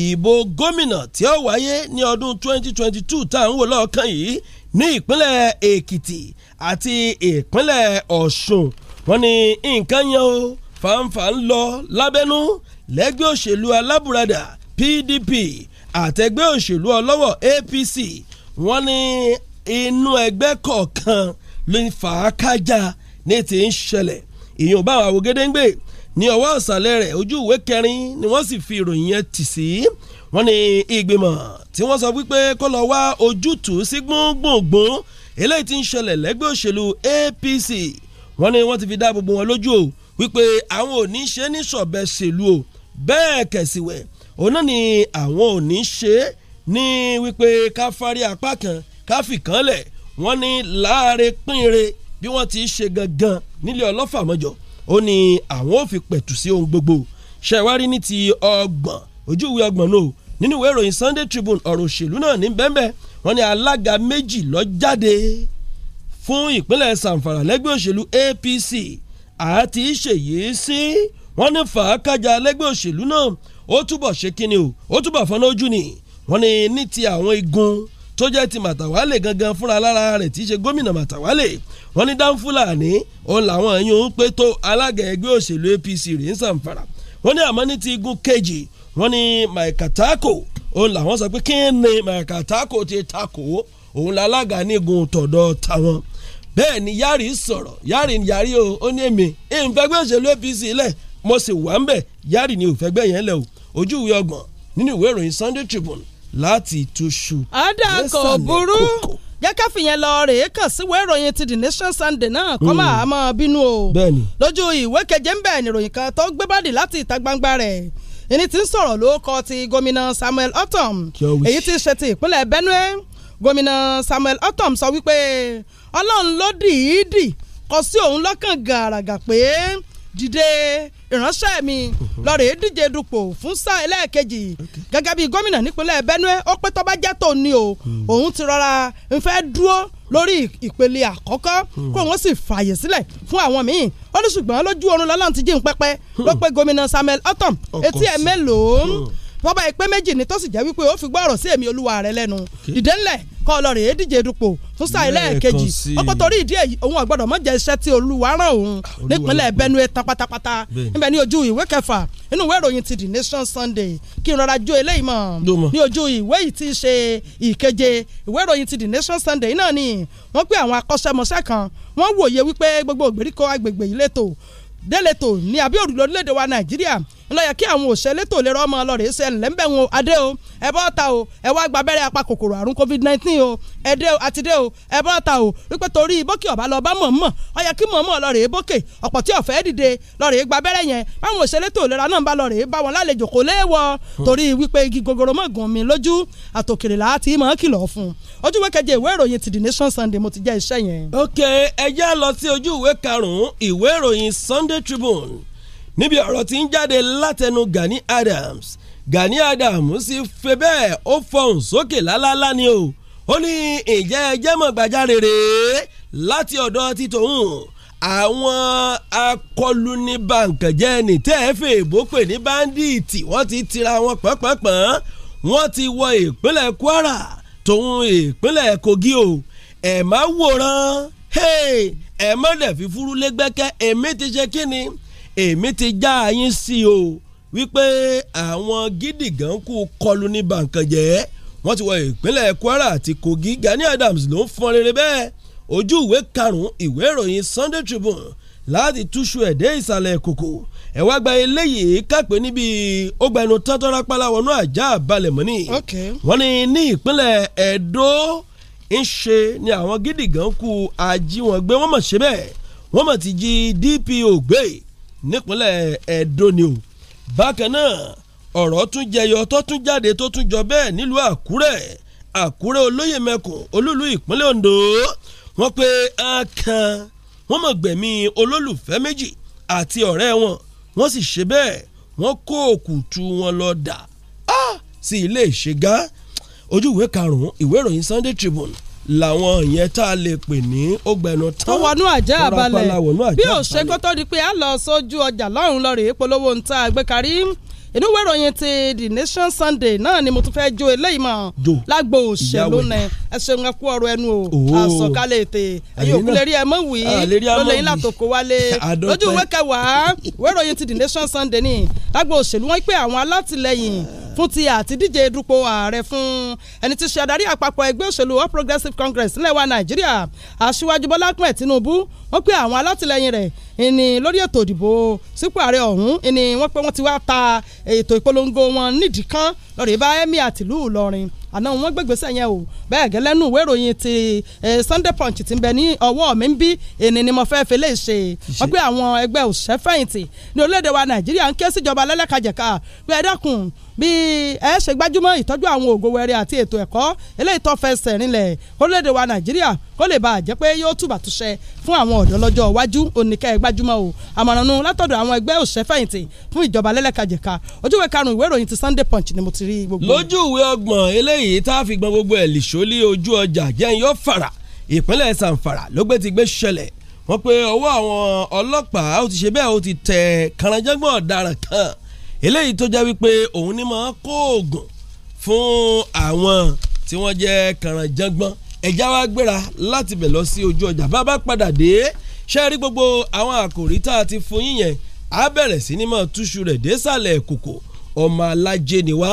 ìbò gómìnà tí ó wáyé ní ọdún 2022 tá à ń wò lọ́ọ̀kan yìí ní ìpínlẹ̀ Èkìtì àti ìpínlẹ̀ Ọ̀ṣun wọ́n ní nǹkan yẹn o fàǹfà ń lọ lábẹ́nú lẹ́gbẹ́ òṣèlú alábùradà PDP àtẹgbẹ́ òṣèlú ọlọ́wọ̀ APC wọ́n ní inú ẹgbẹ́ kọ̀ọ̀kan ló ń fà á kájà ní ti ń ṣẹlẹ̀ ìyún bá àwọn gédéǹgbè ní ọwọ́ ọ̀sàlẹ̀ rẹ̀ ojú ìwé kẹrin ni wọ́n sì fi ìròyìn yẹn tì sí wọ́n ní ìgbìmọ̀ tí wọ́n sọ wípé kó lọ wá ojútùú sí gbóngbòngbòn eléyìí ti ń ṣẹlẹ̀ lẹ́gbẹ́ òṣèlú APC wọ́n ní wọ́n ti fi dá gbogbo wọn lójú o wípé àwọn ò ní ṣe ní sọ̀bẹ ṣèlú o bẹ́ẹ̀ kẹ̀sìwẹ̀ òun náà ni àwọn ò ní ṣe ní wípé ká fárí apá kan ká wọ́n ní láàrin pínrin bí wọ́n ti ṣe gangan nílé ọlọ́fà mọ́jọ ó ní àwọn ò fi pẹ̀tù sí ohun gbogbo ṣẹ̀wárí ní ti ọgbọ̀n ojú ìwé ọgbọ̀n náà nínú ìwé ìròyìn Sunday Tribune ọ̀rọ̀ òṣèlú náà ní bẹ́ẹ̀ wọ́n ní alága méjì ló jáde fún ìpínlẹ̀ Zamfara lẹ́gbẹ́ òṣèlú APC àti ṣèyí sí wọ́n ní fàákàjà lẹ́gbẹ́ òṣèlú náà ó túbọ̀ ṣe kíni o ó túbọ̀ fọ́nà ojú ni wọ́n ní ní ti àwọn igun tó jẹ́ ti Màtàwálè gangan fúnra lára rẹ̀ tí í ṣe gómìnà Màtàwálè wọ́n ní Dan Fulani òun làwọn yìí ń pé tó alága ẹgbẹ́ òṣèlú APC rèé sàǹfàrà wọ́n ní àmọ́ ní ti igun kejì wọ́n ní Mike Tako òun làwọn sọ pé kí ni Mike Tako ti tako òun lálága nígun tọ̀dọ̀ tàwọn bẹ́ẹ̀ ni Yari sọ̀rọ̀ Yari ni Yari o ó ní èmi ìfẹ́gbẹ́ òṣèlú APC lẹ̀ mo sì wà ń bẹ̀ Yari ni òfẹ́gbẹ́ yẹn lẹ̀ o ojú ìwé ọgbọ̀n nínú ìwé ìròyìn Sunday Tribune láti túṣu. adakọ̀ burú jẹ́ ká fìyẹn lọ rèé kàn síwèé ìròyìn ti the nation sunday náà kọ́ hmm. máa mọ́ bínú o lójú ìwé keje ń bẹ̀ nìròyìn kan tó gbé bọ́dì láti ìta gbangba rẹ̀ ẹni tí ń sọ̀rọ̀ ló kọ ti gómìnà samuel otom èyí tí ṣe ti ìpínlẹ̀ benue gómìnà samuel otom sọ wípé ọlọ́run ló dìídì kọ sí òun lọ́kàn gàràgà pé dìde ìránṣẹ́ mi lọ́ọ̀rẹ́ díje dupò fún sáà ẹlẹ́ẹ̀kejì gẹ́gẹ́ bí gómìnà nípínlẹ̀ Benue ó pé tó bá jẹ́ tòní o hmm. òun ti rọra ń fẹ́ dúró lórí ìpele àkọ́kọ́ hmm. kó wọ́n sì fààyè sílẹ̀ fún àwọn míì ó ní ṣùgbọ́n lójú oorun lọ́lọ́run ti jíun pẹ́pẹ́ hmm. ló pé gómìnà Samuel Otom etí ẹ̀ mélòó bọ́bá ìpè méjì ni tó sì jẹ́ wípé ó fi gbọ́ ọ̀rọ̀ sí èmi olúwa rẹ lẹ́nu dìde kọ́ ọlọ́rin èé díje dupò tó sá ilé ọkọ̀ torí ìdí èyí òun àgbọ̀dọ̀ mọ̀jẹ̀ iṣẹ́ tí olúwa rán òun nípínlẹ̀ Benue tán níbẹ̀ ní ojú ìwé kẹfà inú ìwé ìròyìn ti The Nation Sunday kí n rọra jó eléyìí mọ̀ ní ojú ìwé yìí ti ṣe ìkeje ìwé ìròyìn ti The Nation Sunday náà ni wọ́n pé àwọn akọ́ṣẹ́mọṣẹ́ kan wọ́n wòye wípé gbogbo ìgbèríko agbègbè ìletò déletò ní àbí òrùlé orílẹ̀-èdè wa Nàìjíríà ńlọyẹ kí àwọn òṣèlè tó lè rọmọ ọlọrẹ ṣe ńlẹ́ńbẹ̀ wọn adé o ẹ bọ́ ta o ẹ wá gba abẹ́rẹ́ apakòkòrò àrùn covid nineteen o ẹ dé o àti dé o ẹ bọ́ ta o wípé torí bókè ọ̀bá lọ bá mọ̀ọ́mọ̀ ó yẹ kí mọ̀ọ́mọ̀ lọ́ọ̀rẹ́ bókè ọ̀pọ̀ tí ọ̀fẹ́ dìde lọ́ọ̀rẹ́ gba abẹ́rẹ́ yẹn báwọn òṣèlè tó lera náà bá lọ́ọ̀rẹ́ bá wọn lálejò kò léèwọ̀ torí wípé igi gogoro mọ̀ gùn mí lójú àtòkèrè láti mọ̀ kìlọ̀ fún ojúwe keje ìwé ìròyìn ti The Nation Sunday mo ti jẹ́ iṣẹ́ yẹn. ok ẹ já lọ sí ojú ìwé karùn-ún ìwé ìròyìn Sunday Tribune níbi ọ̀rọ̀ tí ń jáde látẹnu Gani Adams Gani Adams sì fẹ́ bẹ́ẹ̀ ó fọhùn sókè lálálá ni o ó ní ìjẹ́ ẹjẹ́ mọ̀ gbàjarèrè láti ọ̀dọ̀ ti tòun àwọn akọlunibankẹ́jẹ́ ní tẹ́ẹ̀fẹ̀ èbó pè ní báńdíìtì wọ́n ti tira wọn pọ́npọ́npọ́n wọ́n ti wọ ìpínlẹ̀ Kwara tòun ìpínlẹ̀ Kogi o ẹ̀ má wòran ẹ̀ má dẹ̀ fi fúrú lẹ́gbẹ́kẹ́ èmi ti ṣe kí èmi ti já yín sí o wípé àwọn gidi gan kú kọlù ní bàǹkànjẹ́ wọ́n ti wọ ìpínlẹ̀ Kwara àti Kogi Gani Adams ló ń fọn rere bẹ́ẹ̀ ojú ìwé karùn ìwé ìròyìn Sunday Tribune láti túṣu ẹ̀dẹ́ ìsàlẹ̀ kòkò ẹ̀ wá gba eléyìí kápẹ́ níbi ọgbà ẹnu tọ́tọ́rọ́ pálawọnú àjà balẹ̀ mọ́ni wọ́n ní ní ìpínlẹ̀ Ẹdó ń ṣe ni àwọn gidi gan kú ají wọn gbé wọ́n mọ̀ ṣe bẹ́ẹ̀ wọ́n mọ̀ ti jí DPO gbé nípínlẹ̀ Ẹdó ni o bákan náà ọ̀rọ̀ tún jẹyọ tó tún jáde tó tún jọ bẹ́ẹ̀ nílùú Àkúrẹ́ Àkúrẹ́ olóyè mẹ́kùn olúlu ìpínlẹ̀ Ondo wọ́n pe akan wọ́n mọ̀ gbẹ̀mí olólùfẹ́ méjì àti ọ̀rẹ́ wọn wọ́n sì ṣe bẹ́ẹ̀ wọ́n kó òkùtù wọn lọ dà ah, sí ilé ìṣègá ojú ìwé karùn-ún ìwé ìròyìn Sunday Tribune làwọn yẹn tá a lè pè ní ọgbẹ̀nu tán. tó wọnú àjà àbálẹ̀ bí òṣèkótó di pé a lọ sójú ọjà lọ́rùn lọ́rẹ̀ polówó ń ta àgbékarí inú ìwé ìròyìn ti The Nation Sunday náà ni mo tún fẹ́ jó eléyìí mọ̀ lágbo òṣèlú nẹ ẹ ṣeun ẹ kú ọ̀rọ̀ ẹnu o àsọ̀kalẹ̀ ètè ẹ̀yìn òkú lè rí ẹ mọ̀ wí lọ́lẹ̀ yín látòkò wálé lójú ìwé kẹwàá ìwé ìròyìn ti The Nation Sunday ni lágbo òṣèlú wọn pé àwọn alátìlẹyìn fún ti àtidíje dupò ààrẹ fún ẹni tí ṣe adarí àpapọ̀ ẹgbẹ́ òṣèlú All Progressives Congress nílẹ̀ wa Nàìjíríà Aṣíwájú Bọ́lá Ahmed Tinubu wọ́n pé àwọn alátìlẹyìn rẹ̀ ìní lórí ètò ìdìbò sípò ààrẹ ọ̀hún ìní wọ́n pé wọ́n ti wá ta ètò ìpolongo wọn nídìí kan lọ́rẹ̀ bá ẹ́mí àtìlú Ìlọrin àná wọn gbégbèsè yẹn o bẹ́ẹ̀ gẹ́lẹ́ nù ìwé ìròyìn ti Sunday Punch ti ń bẹ ní ọwọ́ mi ń bí ènì ni mo fẹ́ fi ṣe wọ́n pé àwọn ẹgbẹ́ òṣìṣẹ́ fẹ̀yìntì ní orílẹ̀ wa Nàìjíríà ń ké síjọba lẹ́lẹ́kajẹ̀ka pé ẹ dákun bí ẹ ṣe gbájúmọ́ ìtọ́jú àwọn ògo wẹrẹ àti ètò ẹ̀kọ́ eléyìí tó fẹsẹ̀ rinlẹ̀ orílẹ̀-èdè wa Nàìjíríà kó lè bàa jẹ́ pé yóò túbà túṣẹ fún àwọn ọ̀dọ́ lọ́jọ́ iwájú oníkẹ́ gbájúmọ́ o àmọ̀ràn nu látọ̀dọ̀ àwọn ẹgbẹ́ òṣèfẹ̀yìntì fún ìjọba lẹ́lẹ́kajẹ̀ka ojúwe karùn-ún ìwé ìròyìn ti Sunday Punch ni mo ti rí gbogbo. lójú ìwé ọgbọ̀n elé eléyìí tá a fi gbọn gbogbo ẹ̀ lìṣó lé ojú ọjà jẹ́yìn yóò fara ìpínlẹ̀ sanfara ló gbé ti gbé ṣẹlẹ̀ wọ́n pe ọwọ́ àwọn ọlọ́pàá ó ti ṣe bẹ́ẹ̀ ó ti tẹ̀ kànáńjẹ́gbọ̀n ọ̀daràn kan eléyìí tó jẹ́ wípé òun ni máa kó oògùn fún àwọn tí wọ́n jẹ́ kànáńjẹ́gbọ̀n ẹ̀já wa gbéra láti bẹ̀ lọ sí ojú ọjà bá bá padà dé ṣe rí gbogbo àwọn àkòrí tá a ti fún yín á bẹ̀rẹ̀ sí ni máa túṣu rẹ̀ désàlẹ̀ kòkò ọmọ alájẹ ni wá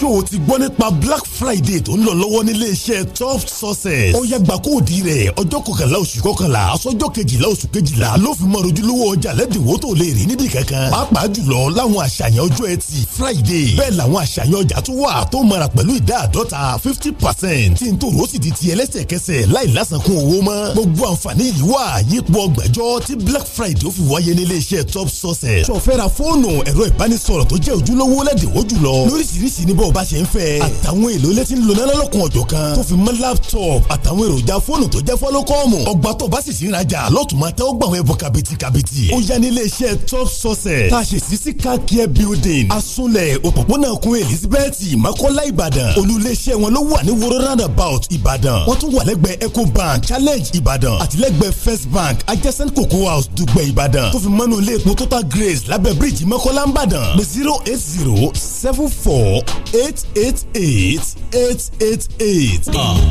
ṣó o ti gbọ́ nípa black friday tó ń lọ lọ́wọ́ nílé iṣẹ́ top sources. ó yàgbà kóòdì rẹ̀ ọjọ́ kọkànlá oṣù kọkànlá aṣọ́jọ́ kejìlá oṣù kejìlá ló fi mọ ojúlówó ọjà lẹ́dínwó tó lè rí níbi kankan. pàápàá jùlọ láwọn àṣàyàn ọjọ́ ẹtì friday bẹ́ẹ̀ làwọn àṣàyàn ọjà tó wà tó mara pẹ̀lú ìdá àdọ́ta fifty percent tí n tó rò ó sì di ti ẹlẹ́sẹ̀kẹsẹ̀ láì lásàkún owó mọ́. gbogbo àǹfààní yìí black friday ó fi wáyé nílé iṣẹ́ top sources. sọfẹ́ra fóònù ẹ̀rọ ìbánisọ̀rọ̀ tó jẹ́ ojúlówó lẹ́dínwó jùlọ lóríṣiríṣi oríṣiríṣi ní bọ́ọ̀ bá ṣe ń fẹ́. àtàwọn èlò ilé tí ń lona lọ́lọ́kun ọ̀jọ̀ kan tó fi mọ́ laptop àtàwọn èròjà fóònù tó jẹ́ fọ́lọ́kọ́ọ̀mù ọgbà tó bá sì sí ìrajà lọ́tùmọ̀ tẹ́ ó gbà wọ́n ẹ̀bùn kàbìtì kàbìtì. ó yá ní iléeṣẹ́ top sources tá a ṣe sí sí car building asunlẹ̀ òpópónà kun elizabeth makola ìbàdàn olú iléeṣẹ́ wọn ló wà ní woro roundabout ìbàdàn wọ́n tún wà lẹ́gbẹ̀ẹ́ ecobank challenge ìbàdàn àtìlẹ́gbẹ̀ẹ́ first bank adjacent cocoa house dùgbẹ̀ ìbàdàn tó fi mọ́nú ilé grace lábẹ́ bíríìjì makola ìbàdàn zero eight zero seven four eight eight eight eight eight eight.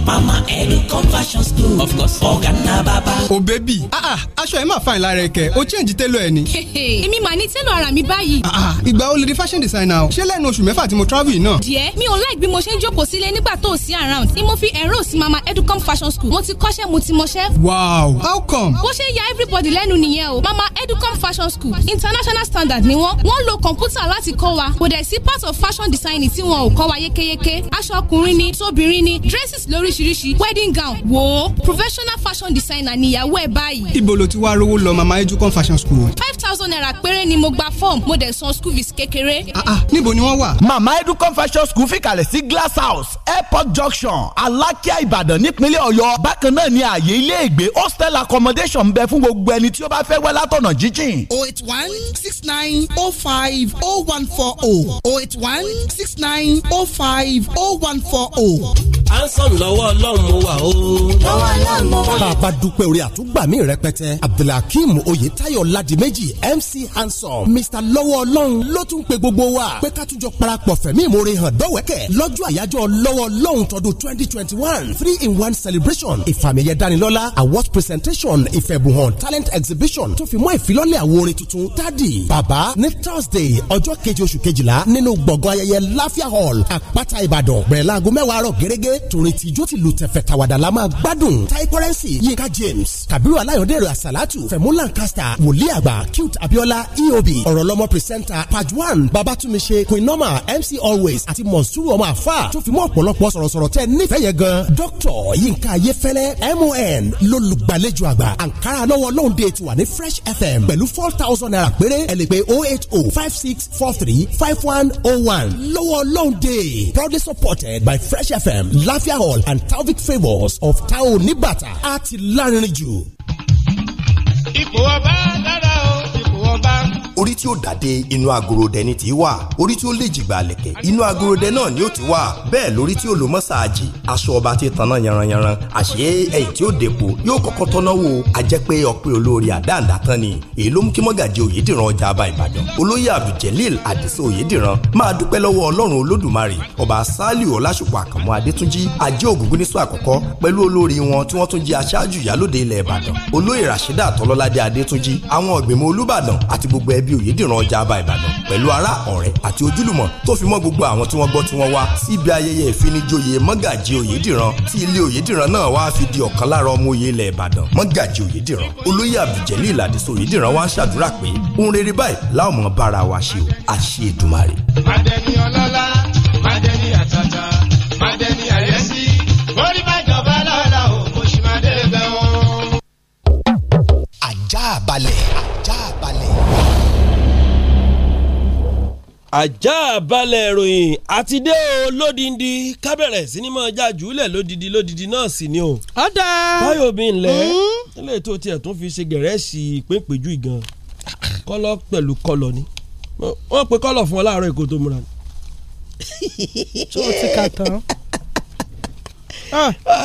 mama edu conversion school of course ọ̀gá ná bàbá. o bẹ́bí ah, ah, aṣọ ẹ̀ máa fa ìlà rẹ̀ kẹ́ o change télò ẹ̀ ni. èmi màá ní télò ara mi báyìí. Ah, ìgbà wo lè di fashion designer o ṣé lẹ́nu oṣù mẹ́fà tí mo travel yìí náà. díẹ̀ mi ò like bí mo ṣe ń jókòó sílé nígbà tó o sí around ni mo fi ẹ̀rọ sí mama educom fashion school mo ti kọ́ṣẹ́ mo ti mọṣẹ́. wow how come. bó ṣe ya everybody lẹ́nu nìyẹn o mama Edu educom fashion school international standard ni wọ́n wọ́n lo kọ̀ǹpútà láti kọ́ wa kò dẹ̀ sí part of fashion design design tí wọn ò kọ́ wa yékéyéké aṣọ ọkùnrin ni tóbìnrin ni dresses lóríṣiríṣi wedding gown wò professional fashion designer níyàwó ẹ̀ báyìí. ibo ló ti wá rówó lọ mama ejukon fashion school. five thousand naira péré ni mo gba form mo dẹ̀ san school fees kékeré. ah ah níbo ni wọ́n wà. mama ejukon fashion school fìkàlẹ̀ sí glass house airport junction alákíá ìbàdàn nípínlẹ̀ ọ̀yọ́ bákan náà ni ààyè ilé ìgbé hostel accommodation ń bẹ fún gbogbo ẹni tí ó bá fẹ́ wẹ́ látọ̀nà jíjìn. oh eight one six nine oh five oh one four oh oh eight one six nine oh five oh one four oh. à ń sọ̀rọ̀ lọ́wọ́ ọlọ́run mo wà o. lọ́wọ́ ọlọ́run mo wà. bàbá dúpẹ́ orí àtúgbàmí rẹpẹtẹ abdulhakeem oyetayo ladimeji mc handsome mr lọ́wọ́ ọlọ́run ló tún pe gbogbo wa pé ká tún jọ parapọ̀ fẹ̀mí ìmoore hàn dọ́wẹ́kẹ̀ lọ́jọ́ àyájọ́ lọ́wọ́ ọlọ́run tọdún twenty twenty one three in one celebration ìfàmìyẹ dánilọ́lá award presentation ìfẹ̀bùhàn talent exhibition tó fi mọ́ ìfilọ́lẹ̀ àwo orin tuntun tádì bàbá ní thursday ọjọ́ kejì oṣù kejìlá nínú gbọ̀ngàn ayẹyẹ lafia hall àpáta ìbàdàn bẹ̀rẹ̀ láago mẹ́wàá àárọ̀ gẹ́gẹ́ torin tìjó ti lu tẹ̀fẹ̀ tàwàdà la máa gbádùn tai currency yinka james kabiru alayọ̀dẹ̀rẹ̀ àsàlátù fẹ̀mú lancaster wòlíì àgbà cute abiola eob ọ̀rọ̀ lọ́mọ pírísẹ́ńtà page one babatunmise queen norma mc always àti monsuru ọmọ àfà tó fi mọ́ ọ̀pọ̀lọpọ̀ sọ̀rọ̀sọ̀rọ̀ tẹ nífẹ̀ẹ́ yẹn gan dr yinka ayefẹ́lẹ́ mon lólùgbàlejò ankara lọ́wọ́ lóhùndé ti wà fresh fm pẹ̀lú four thousand naira péré ẹ oh eight oh five six four three five one oh one lọ́wọ́ long day, proudly supported by Fresh FM Lafia Hall and Talvik favours of tao nibata àti lárinrin jù. ipò ọba dára orí tí ó dàde inú agorodẹ ni ti wà orí tí ó lè jìgbà lẹ̀kẹ̀ inú agorodẹ náà ni ó ti wà bẹ́ẹ̀ lórí tí ó lò mọ́sáàjì aṣọ ọba ti tanná yanranyanran àṣé ẹ̀yìn tí ó dépò yóò kọ́kọ́ tọ́ná wò á jẹ́ pé ọpẹ́ olórí àdáǹdá tán ni èyí ló mú kí mọ́gàjì òyedìran ọjà àbá ìbàdàn olóyè abdulgelil àdìsá òyedìran máa dúpẹ́ lọ́wọ́ ọlọ́run olódùmarè ọba sálíù ọlásùpọ̀ àkànmú adétúnjì ajé ògúngún nísọ àkọ́kọ́ pẹ̀lú olórí wọn tí wọ́n tún jẹ́ aṣáájú ìyálòde ilẹ̀ ìbàdàn olóyè rashida àtọlọ́ládé adétúnjì àwọn ọ̀gbìnmọ̀ olúbàdàn àti gbogbo ẹbí oyèdìran ọjà àbá ìbàdàn pẹ̀lú ará ọ̀rẹ́ àti ojúlùmọ̀ tó fi mọ́ gbogbo àwọn tí wọ́n gbọ́ tí wọ́n wá síbi ayẹyẹ ìfinijoyè mọ́gàjì oyèdìran tí ilé oyèdìran náà wá fi di ọ̀kan lára ọmọ oyè ilẹ̀ ìbàdàn mọ́gàjì oyèdìran olóyè àbùjẹ́lì ìlàdìsọ oyèdìran wá ṣàdúrà pé ohun rere báyìí láwọn mọ̀ bára wa ṣe o àṣẹ àjà balẹ̀ ìròyìn àti dé o lódìndí kábẹ̀rẹ̀ sinimá ọjà jùlẹ̀ lódìdí lódìdí náà sì ni o. ọ̀dà báyọ̀ mi ńlẹ̀ hmm? ilé ètò tiẹ̀ tún fi ṣe gẹ̀rẹ́sì ìpínpéjú ìgan kọ́lọ́ pẹ̀lú kọ́lọ́ ni wọ́n pe kọ́lọ̀ fún ọ láàárọ̀ èkó tó múra ni. tó o ti kà tán.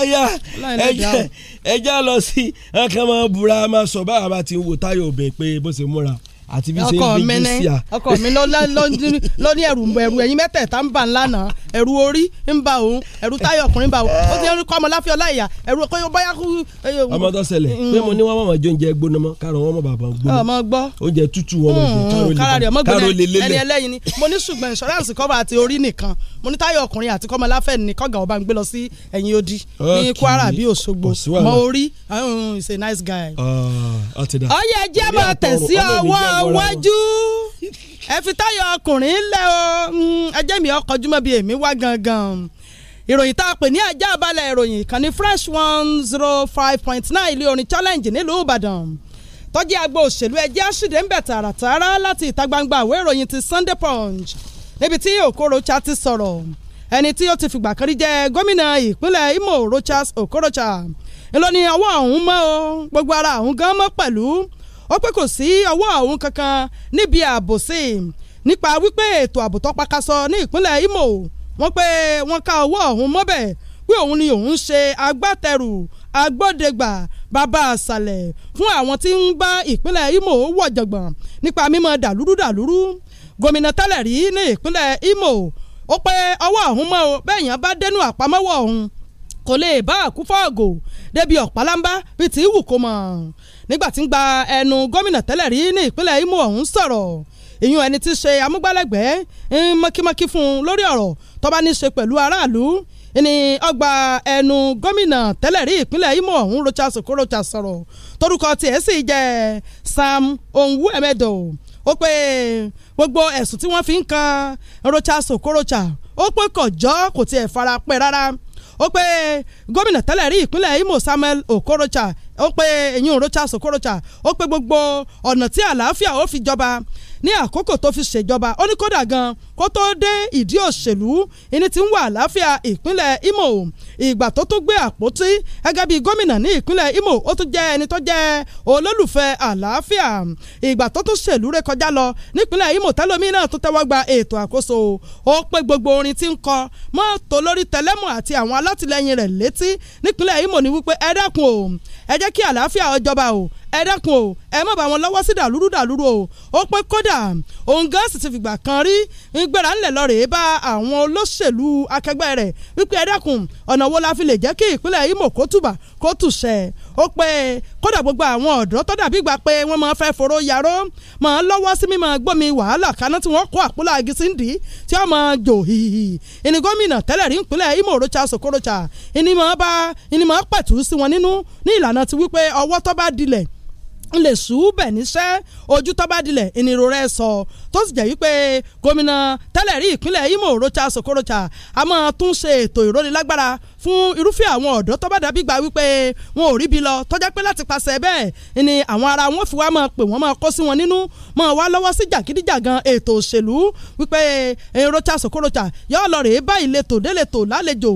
ọ̀ya ah. ẹja lọ sí ọkàn máa bura máa sọ báwa bá ti ń wo táyọ̀ obìnrin pé bó ṣe múra àti bí ṣe ń bí a. ọkọ mi ló ní ẹrù ẹrù ẹyin mẹ́tẹ̀ẹ̀ta ń bà lánàá ẹrù orí ń bà òun ẹrù táyà ọkùnrin bà òun ó ti ń kọ́ ọmọ láfíà ọláìyá ẹrù ọkọ yóò báyà kú. ọmọ tó ṣẹlẹ̀ pé mo ní wọn mọ̀ jẹ oúnjẹ gbóná mọ́ káàrọ̀ wọn mọ̀ bàbá gbóná oúnjẹ tútù wọn mọ̀ jẹ hmm, káàrọ̀ lè lélẹ̀ ẹni ẹlẹ́yin ni mo ní um, nice guy. Ah, wájú ẹ fi táyọ̀ ọkùnrin lẹ̀ o mm, ẹ jẹ́ mi ọkọ̀ jùmọ̀ bíi èmi wá gangan ìròyìn tá a pè ní ajá balẹ̀ ìròyìn ìkànnì fresh one zero five point nine ilé orin challenge nílùú ìbàdàn tọ́jú agbo òṣèlú ẹjẹ́ àṣìdè ń bẹ̀ tààràtààrà láti ìta gbangba àwọn ìròyìn ti sunday punch níbi tí okorocha ti sọ̀rọ̀ ẹni tí ó ti fìgbà kan rí jẹ́ gómìnà ìpínlẹ̀ imo rochas okorocha ńlọ ni ọwọ́ ọ̀hún mọ́ o gbogbo ara ọ̀hún gan mọ́ pẹ̀lú ó pé kò sí ọwọ́ òun kankan níbi àbòsí nípa wípé ètò ààbò tó pakasọ ní ìpínlẹ̀ Imo wọ́n pé wọ́n ká ọwọ́ òun mọ́bẹ̀ pé òun ni òun ṣe agbátẹrù agbódegbà bàbá àṣàlẹ̀ fún àwọn tí ń bá ìpínlẹ̀ Imo wọ̀jọ̀gbọ̀n nípa mímọ dàlúrú dàlúrú gómìnà tẹ́lẹ̀ rí ní ìpínlẹ̀ Imo ó pé ọwọ́ ọ̀hún mọ́ o bẹ́ẹ̀ yẹn bá dẹnu àpamọ́wọ́ ọ̀hún kò lè bá àkúfọ́ àgò débi ọ̀pálámbá bíi tí wù kó mọ̀ nígbà tí ń gba ẹnu gómìnà tẹ́lẹ̀ rí ní ìpínlẹ̀ Imo ọ̀hún sọ̀rọ̀ ìyún ẹni tí ṣe amúgbálẹ́gbẹ̀ẹ́ ń mọ́kímọ́kí fún un lórí ọ̀rọ̀ tó bá ní ṣe pẹ̀lú aráàlú ní ọgbà ẹnu gómìnà tẹ́lẹ̀ rí ìpínlẹ̀ Imo ọ̀hún Rochas Okorocha sọ̀rọ̀ torúkọ tiẹ̀ sì jẹ́ Sam Onwu Emedo ó pé gbogbo ẹ̀sùn tí wọ́n fi ń kan Rochas Okorocha ó pé kọjọ́ kò tiẹ̀ fara pẹ́ rárá ó pé gómìnà tẹ́lẹ̀ rí ìpínlẹ̀ Imo Samuel Okorocha ó pe ẹ̀yìn òròcha sòkòròcha ó pe gbogbo ọ̀nà tí àlàáfíà ó fi jọba ní àkókò tó fi ṣèjọba ó ní kódà gan kó tó dé ìdí òṣèlú ìní tí ń wà àlàáfíà ìpínlẹ̀ Imo ìgbà tó tún gbé àpótí gẹ́gẹ́ bí gómìnà ní ìpínlẹ̀ Imo ó tún jẹ́ ẹni tó jẹ́ olólùfẹ́ àlàáfíà ìgbà tó tún ṣèlú ré kọjá lọ nípínlẹ̀ Imo tẹ́lómi náà tó tẹ́wọ́ gba ètò àkóso ó pé gbogbo orin tí ń kọ mọ́tò lórí tẹlẹ́mù àti àwọn alátìlẹyìn rẹ̀ létí nípínlẹ̀ Imo ní wípé ẹ dákun o ẹ jẹ́ kí àlàáfíà ó jọba o ẹ dákun o ẹ má bá wọn lọ́wọ́ sí dàlúrú dàlúrú o ó pé kódà òun gan sì ti fìgbà kan rí gbéra ńlẹ̀ lọ rèé bá àwọn olóṣèlú akẹgbẹ́ rẹ̀ wípé ẹ dákun ọ̀nà wo la fi lè jẹ́ kí ìpínlẹ̀ Imo kó tùbà kó tùṣẹ́ ó pé kódà gbogbo àwọn ọ̀dọ́ tó dàbí gbà pé wọ́n máa fẹ́ foro yarọ́ máa lọ́wọ́ sí mímọ́ gbọ́mi wàhálà kaná tí wọ́n kó àpòlá agisindi tí wọ́n máa jò hìhì ìní gómìnà tẹ́lẹ̀ rí ìpínlẹ̀ Imo Rocha Sokorocha ìní máa bá ìní máa pẹ̀tù sí wọn nínú ní ìlànà ti wípé ọwọ́ tó bá dilẹ̀ ń lè sùn bẹ̀ níṣẹ́ ojú tọ́ba dilẹ̀ ìnirò rẹ̀ sọ tó sì jẹ́ wípé gómìnà tẹ́lẹ̀ rí ìpínlẹ̀ Imo Rocha Sokorocha a máa tún ṣe ètò ìrónilágbára fún irúfẹ́ àwọn ọ̀dọ́ tó bá dàbí gba wípé wọn ò ríbi lọ tọ́já pé láti pàṣẹ bẹ́ẹ̀ ni àwọn ará wọn fi wá máa pè wọ́n máa kó sí wọn nínú máa wá lọ́wọ́ sí jàgídíjàgan ètò òṣèlú wípé rocha sokorocha yóò lọ rèé bá ìletò déletò lálejò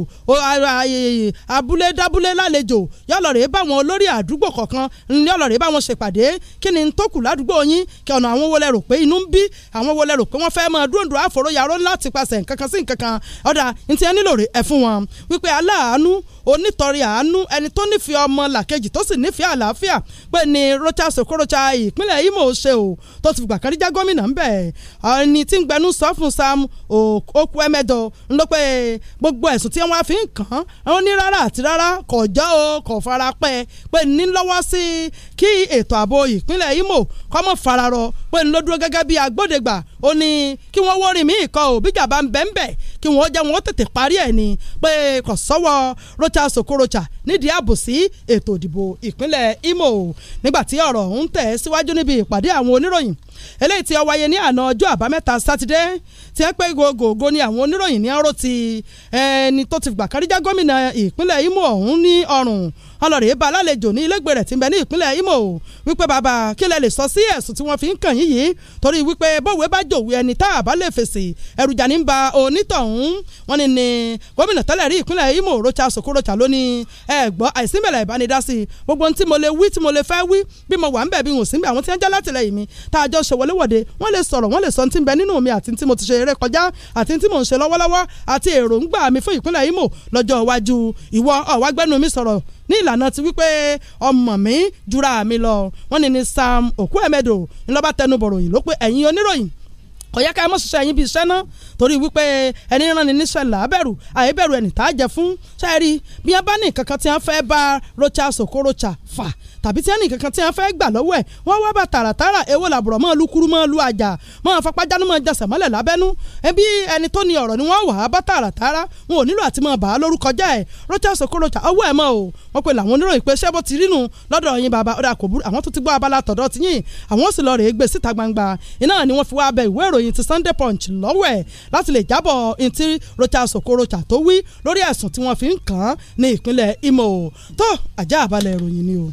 abúlé dábúlé lálejò yóò lọ rèé bá wọn olórí àdúgbò kọ̀ọ̀kan yóò lọ rèé bá wọn ṣèpàdé kí ni tó kù ládùúgbò yín kí ọ̀nà àwọn wo lẹ rò pé inú ń bí àwọn wo lẹ rò pé wọ́n fẹ́ máa dúró dúró àfòrò yàrá láti pàṣẹ nǹkankan sí nǹkankan ọ̀dà aláàánú onítọ̀rí àánú ẹni tó nífẹ̀ẹ́ ọmọ làkejì tó sì nífẹ̀ẹ́ àlàáfíà pé ni Rochas Okorocha ìpínlẹ̀ Imo ṣe o tó ti fìgbà kárí já gómìnà ń bẹ̀ ẹni tí ń gbẹnu sọ fún Sam okú ẹmẹdọ ńlọ pé gbogbo ẹ̀sùn tí wọ́n fi ń kàn án ó ní rárá àti rárá kò jọ o kò fara pẹ́ pé ní lọ́wọ́ sí kí ètò ààbò ìpínlẹ̀ Imo kọ́mọ fararọ pé ń lọ dúró gẹ́gẹ́ bí agbódegbà ó ní kí wọ́n wọ́n rìn mí ìkọ́ ò bíjà bá ń bẹ̀ ń bẹ̀ kí wọ́n jẹ́ wọ́n tètè parí ẹ̀ ni pé kò sọ́wọ́ rocha sokorocha nídìí àbòsí ètò ìdìbò ìpínlẹ̀ Imo nígbà tí ọ̀rọ̀ ń tẹ̀ síwájú níbi ìpàdé àwọn oníròyìn eléyìí tí ó wáyé ní àná ọjọ́ àbámẹ́ta sátidé tí ẹ pé gògògò ni àwọn oníròyìn ní ọ̀rọ̀ ti ẹni tó ti gbà kárí já gómìnà ìpínlẹ̀ Imo ọ̀hún ní ọrùn ọlọ́rìí bá alálejò ní ilégbè rẹ̀ tí ń bẹ ní ìpínlẹ̀ Imo wípé bàbá kílẹ̀ lè sọ sí ẹ̀sùn tí wọ́n fi ń kàn yín yìí torí wípé bọ́wé bá jòwé ẹni tá a bá lè fèsì ẹ̀rùjà ní ba onítọ̀hún wọ́n ní ní gómìnà tẹ́lẹ̀ rí ìpínlẹ̀ Imo rocha sokorocha lónìí ẹ̀gbọ́n àìsínbẹ̀rẹ̀ ìbánidásí gbogbo ohun tí mo lè wí tí mo lè fẹ́ wí bí mo wà ń bẹ̀ bí n ò sí ń àwọn tí wọ́n jẹ́ látìlẹ́yìn mi tá a jọ ṣe wọléwọ̀de wọ́n lè sọ̀rọ̀ wọ́n lè sọ ti ń nínú mi àti tí mo ti ṣe eré kọjá àti tí mò ń ṣe lọ́wọ́lọ́wọ́ àti èròǹgbà mi fún ìpínlẹ̀ Imo lọ́jọ́ iwájú ìwọ ọ̀wágbẹ́nu mi sọ̀rọ̀ ní ìlànà ti wípé ọmọ mi jura mi lọ wọ́n ní ní Sam Okuemedo ńlọ́ba tẹnubọ̀rọ̀ yìí ló pé ẹ̀yin oníròyìn kò yẹ ká ẹ mọ̀ ṣiṣẹ́ yín bí iṣẹ́ náà torí wípé ẹni rán ni níṣẹ́ làbẹ̀rù àìbẹ̀rù ẹni tá a jẹ fún ṣáà rí bí wọ́n bá ní kankan tí wọ́n fẹ́ bá Rocha Sokorocha fà tàbí tí ẹnì kankan tí wọ́n fẹ́ gbà lọ́wọ́ ẹ̀ wọ́n wá bá tààràtààrà èwo làbùrọ̀ mọ́ lukuru mọ́ lu àjà mọ́ fapájánú mọ́ jẹsẹ̀ mọ́lẹ̀ lábẹ́nú ẹbí ẹni tó ní ọ̀rọ̀ ni wọ́n wà á bá tààràtààrà wọn ò nílò àti mọ́ bàá lórúkọ jẹ́ ẹ̀ Rochas Okorocha ọwọ́ ẹ̀ mọ́ o wọ́n pe làwọn oníròyìn pé ṣé bó ti rí lọ́dọ̀ yín bàbá ọ̀dà kò burú àwọn tó ti gbọ́ abala tọ̀dọ̀ ti yín àwọn sì lọ rèé gbé síta gbangba iná ni wọ́n fi wá bẹ ìwé ìròyìn ti Sunday Punch lọ́wọ́ ẹ̀ láti lè jábọ̀ ntí Rochas Okorocha tó wí lórí ẹ̀sùn tí wọ́n fi ń kàn án ní ìpínlẹ̀ Imo tó àjá àbálẹ̀ ìròyìn ni o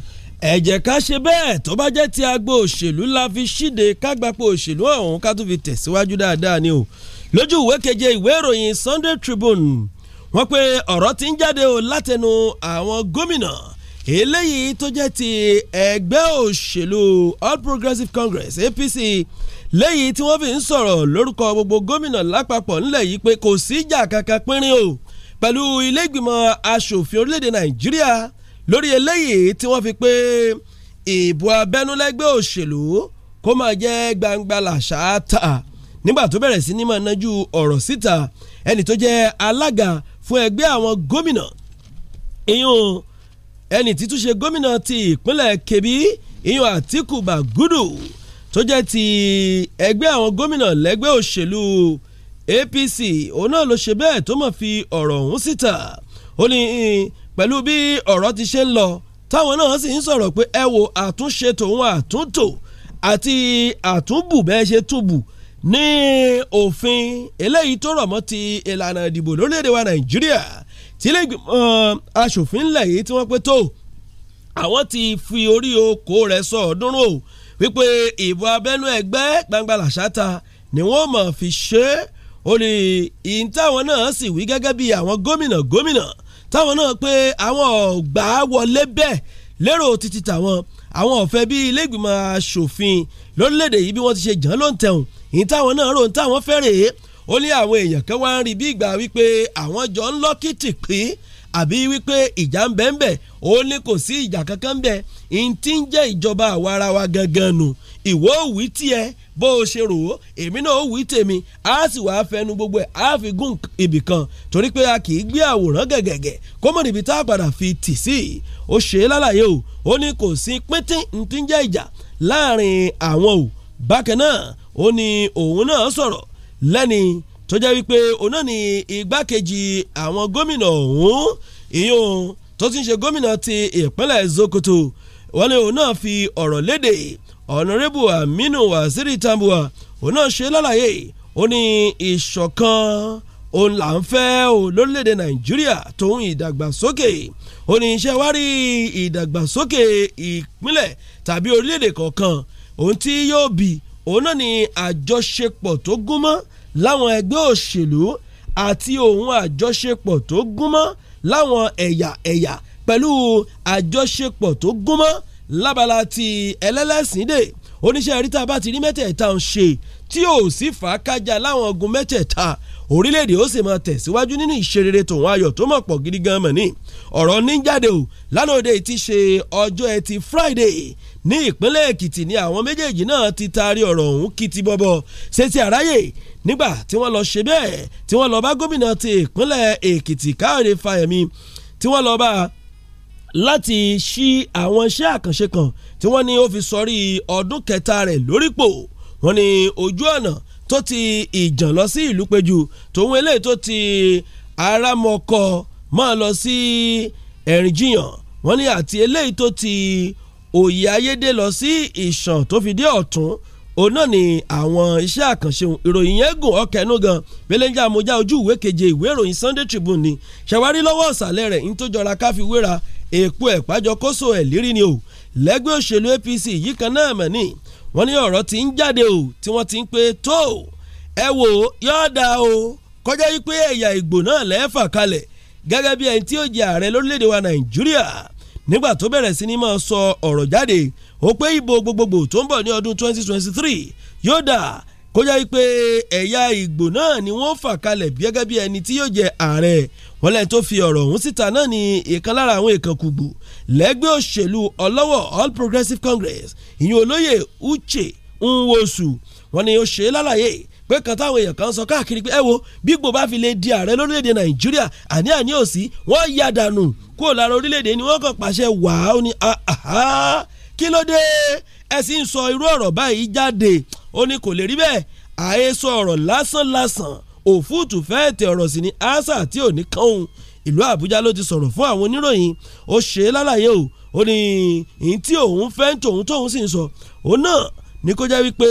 ẹ jẹ́ ká ṣe bẹ́ẹ̀ tó bá jẹ́ ti agbo òṣèlú la fi ṣíde kágbápò òṣèlú ọ̀hún ká tún fi tẹ̀síwájú dáadáa ni o lójú ìwé keje ìwé ìròyìn Sunday Tribune wọ́n pe ọ̀rọ̀ ti ń jáde o látẹnu àwọn gómìnà eléyìí tó jẹ́ ti ẹgbẹ́ òṣèlú All Progressive Congress APC léyìí tí wọ́n fi ń sọ̀rọ̀ lórúkọ gbogbo gómìnà lápapọ̀ ńlẹ̀ yìí pé kò sí ìjà kankan pínrín o pẹ̀lú ilé ìgbìmọ̀ asòfin orílẹ̀-èdè Nàìjíríà lórí eléyìí tí wọ́n fi pé ìbò abẹ́nulẹ́gbẹ́ òṣèlú kó máa jẹ́ gbangba làṣà tà nígbà tó bẹ̀rẹ̀ sí ní máa nájú ọ̀rọ̀ síta ẹni tó jẹ́ alága fún ẹgbẹ́ àwọn gómìnà ìyún ẹni títún ṣe gómìnà ti ìpínlẹ̀ Kebbi ìyún Àtíkù Bàgúdù tó jẹ́ ti ẹgbẹ́ àwọn gómìnà lẹ́gbẹ́ òṣèlú APC òun náà ló ṣe bẹ́ẹ̀ tó máa fi ọ̀rọ̀ ọ̀hún síta ó ní pẹ̀lú bí ọ̀rọ̀ ti ṣe ń lọ táwọn náà sì ń sọ̀rọ̀ pé ẹ wo àtúnṣe tòun àtúntò àti àtúnbù bẹ́ẹ̀ ṣe túbù ní òfin eléyìí tó rọ̀ mọ́ ti ìlànà ìdìbò lórílẹ̀‐èdè wa nàìjíríà tílé eh, aṣòfin ńlẹ̀ yìí tí wọ́n pé tó àwọn ti fi orí oko rẹ̀ sọ ọ̀ọ́dúnrún o wípé ìbò abẹ́nú ẹgbẹ́ gbangba làṣáta ni wọ́n mọ̀ fi ṣe é ó ní ìyìn táwọn náà sì wí gẹ́gẹ́ bí àwọn gómìnà gómìnà táwọn náà pé àwọn ọ̀gbà wọlé bẹ́ẹ̀ lérò títí tàwọn àwọn ọ̀fẹ́ bí ilé ìgbìmọ̀ asòfin lórílẹ̀‐èdè yìí bí wọ́n ti ṣe jàn ló ń tẹ̀hún ìyìn táwọn náà rò ń táwọn fẹ́rẹ̀ẹ́ ó ní àwọn èèyàn kan ń rí bí ìgbà wípé àwọn jọ ń lọ́kìtì pín àbí wípé ìjà ń bẹ ń bẹ ó ní kò sí ìjà kankan ń bẹ ń ti ń jẹ́ ìjọba àwa ara wa gangan nù ìwọ òwì tiẹ̀ bó o ṣe rò ó èmi náà ó wí tèmi á sì wàá fẹnu gbogbo ẹ̀ á fi gún ibì torí pé a kì í gbé àwòrán gẹ̀gẹ̀gẹ̀ kó mọ̀ níbi tá a padà fi tì sí i ó ṣe é lálàyé o ó ní kò sí píntín ń ti ń jẹ́ ìjà láàrin àwọn o bákan náà ó ní òun náà sọ̀rọ̀ lẹ́ni tó jẹ́ wípé òun ni igbákejì àwọn gómìnà ọ̀hún ìyún tó ti ń ṣe gómìnà ti ìpínlẹ̀ Sokoto wọ́n ní òun náà fi ọ̀rọ̀ léde ọ̀nàrẹ́bù Aminu Waziri Tambuwa òun ṣe lálàyé ó ní ìṣọ̀kan òun là ń fẹ́ o lórílẹ̀‐èdè Nàìjíríà tòun ìdàgbàsókè ó ní iṣẹ́ wá rí ìdàgbàsókè ìpínlẹ̀ tàbí orílẹ̀‐èdè kọ̀ọ̀kan òun tí yóò bì òun ni àjọṣepọ̀ tó gúnmọ́ láwọn ẹgbẹ́ òṣèlú àti òun àjọṣepọ̀ tó gúnmọ́ láwọn ẹ̀yà ẹ̀yà pẹ̀lú àjọṣepọ̀ tó gúnmọ́ lábala ti ẹlẹ́lẹ́sìndè oníṣẹ́ rí tá a bá ti rí mẹ́tẹ̀ẹ̀ta ń ṣe tí ò sì fà á kájà láwọn ogun mẹ́tẹ̀ẹ̀ta orílẹ̀-èdè ó sì máa tẹ̀síwájú nínú ìṣerere tòun ayọ̀ tó mọ̀ pọ̀ gidi gan mọ̀ ní ọ̀rọ̀ ní jáde o lánàá òde ti ṣe ọjọ́ ẹtì Friday ní ìpínlẹ̀ Èkìtì ni àwọn méjèèjì náà ti taari ọ̀rọ̀ ọ̀hún kìtì bọ̀bọ̀ ṣe ti àráyè nígbà tí wọ́n lọ ṣe bẹ́ẹ̀ tí wọ́n lọ bá gómìnà ti ìpínlẹ̀ Èkìtì Káyọ̀dé Fáyẹ̀mí tí wọ́n lọ bá a láti ṣí àwọn iṣẹ́ àkànṣe kan tí wọ́n ní ó fi sọrí ọdún kẹta rẹ̀ lórípò wọ́n ní ojú ọ̀nà tó ti ìjàn lọ sí ìlú péjú tòun eléyìí tó ti aramọkọ máa lọ sí ẹ̀rìn jiyàn wọ́n ní àti eléyìí tó ti òye ayédè lọ sí ìṣàn tó fi dé ọ̀tún òun náà ni àwọn iṣẹ́ àkànṣe ìròyìn yẹn gùn ọkẹ́nu gan belenja amójá ojú ìwé keje ìwé ìròyìn Sunday Tribune ni ṣàwárí lọ́wọ́ ọ̀sàlẹ̀ rẹ̀ ní tó jọra káfí wéra èèpo ẹ̀pájọ kóso ẹ̀ lírí ni o lẹ́gbẹ́ òṣèlú APC yìí kan náà mọ̀ ní wọ́n ní ọ̀rọ̀ tí ń jáde o tí wọ́n ti ń pé tó ẹ wò ó yọ̀ọ̀dà o kọjá yìí pé ẹ̀yà Ìgbò náà lẹ́ẹ̀fà kalẹ̀ gẹ́gẹ́ bí ẹni tí ó jẹ ààrẹ lórílẹ̀‐èdè wa Nàìjíríà nígbà tó bẹ̀rẹ̀ sí ni máa sọ ọ̀rọ̀ jáde ó pé ìbò gbogbogbò tó ń bọ̀ ní ọdún 2023 yóò dà kó jẹ́ pé ẹ̀yà ìgbò náà ni wọ́n fà kalẹ̀ gẹ́gẹ́ bí ẹni tí yóò jẹ ààrẹ wọn lẹ́yìn tó fi ọ̀rọ̀ ọ̀hún síta náà ni ìkan lára àwọn ìkànkùgbò lẹ́gbẹ́ òṣèlú ọlọ́wọ̀ All progressive Congress ìyún olóyè Uche Nwosu wọn ni ó ṣe é lálàyé pé kan táwọn èèyàn kan sọ káàkiri pé ẹ wo bí gbò bá fi lè di ààrẹ lórílẹ̀‐èdè nàìjíríà àní àní òsì wọ́n ya dànù kúrò lára orílẹ̀‐èdè ni wọ́n kàn pàṣẹ wàá ó ní kí ló dé ẹ sì ń sọ irú ọ̀rọ̀ báyìí jáde ó ní kò lè rí bẹ́ẹ̀ àhesọ ọ̀rọ̀ lásánlásán òfúùtù fẹ́ẹ́ tẹ ọ̀rọ̀ sí ni àṣà tí ò ní kàn òun ìlú àbújá ló ti sọ̀rọ̀ fún àwọn oníròyìn ó ṣe é lálàyé o ó ní ìyìn tí òun fẹ́ ń tòun tóun sì ń sọ òun náà ní kó jẹ́ wípé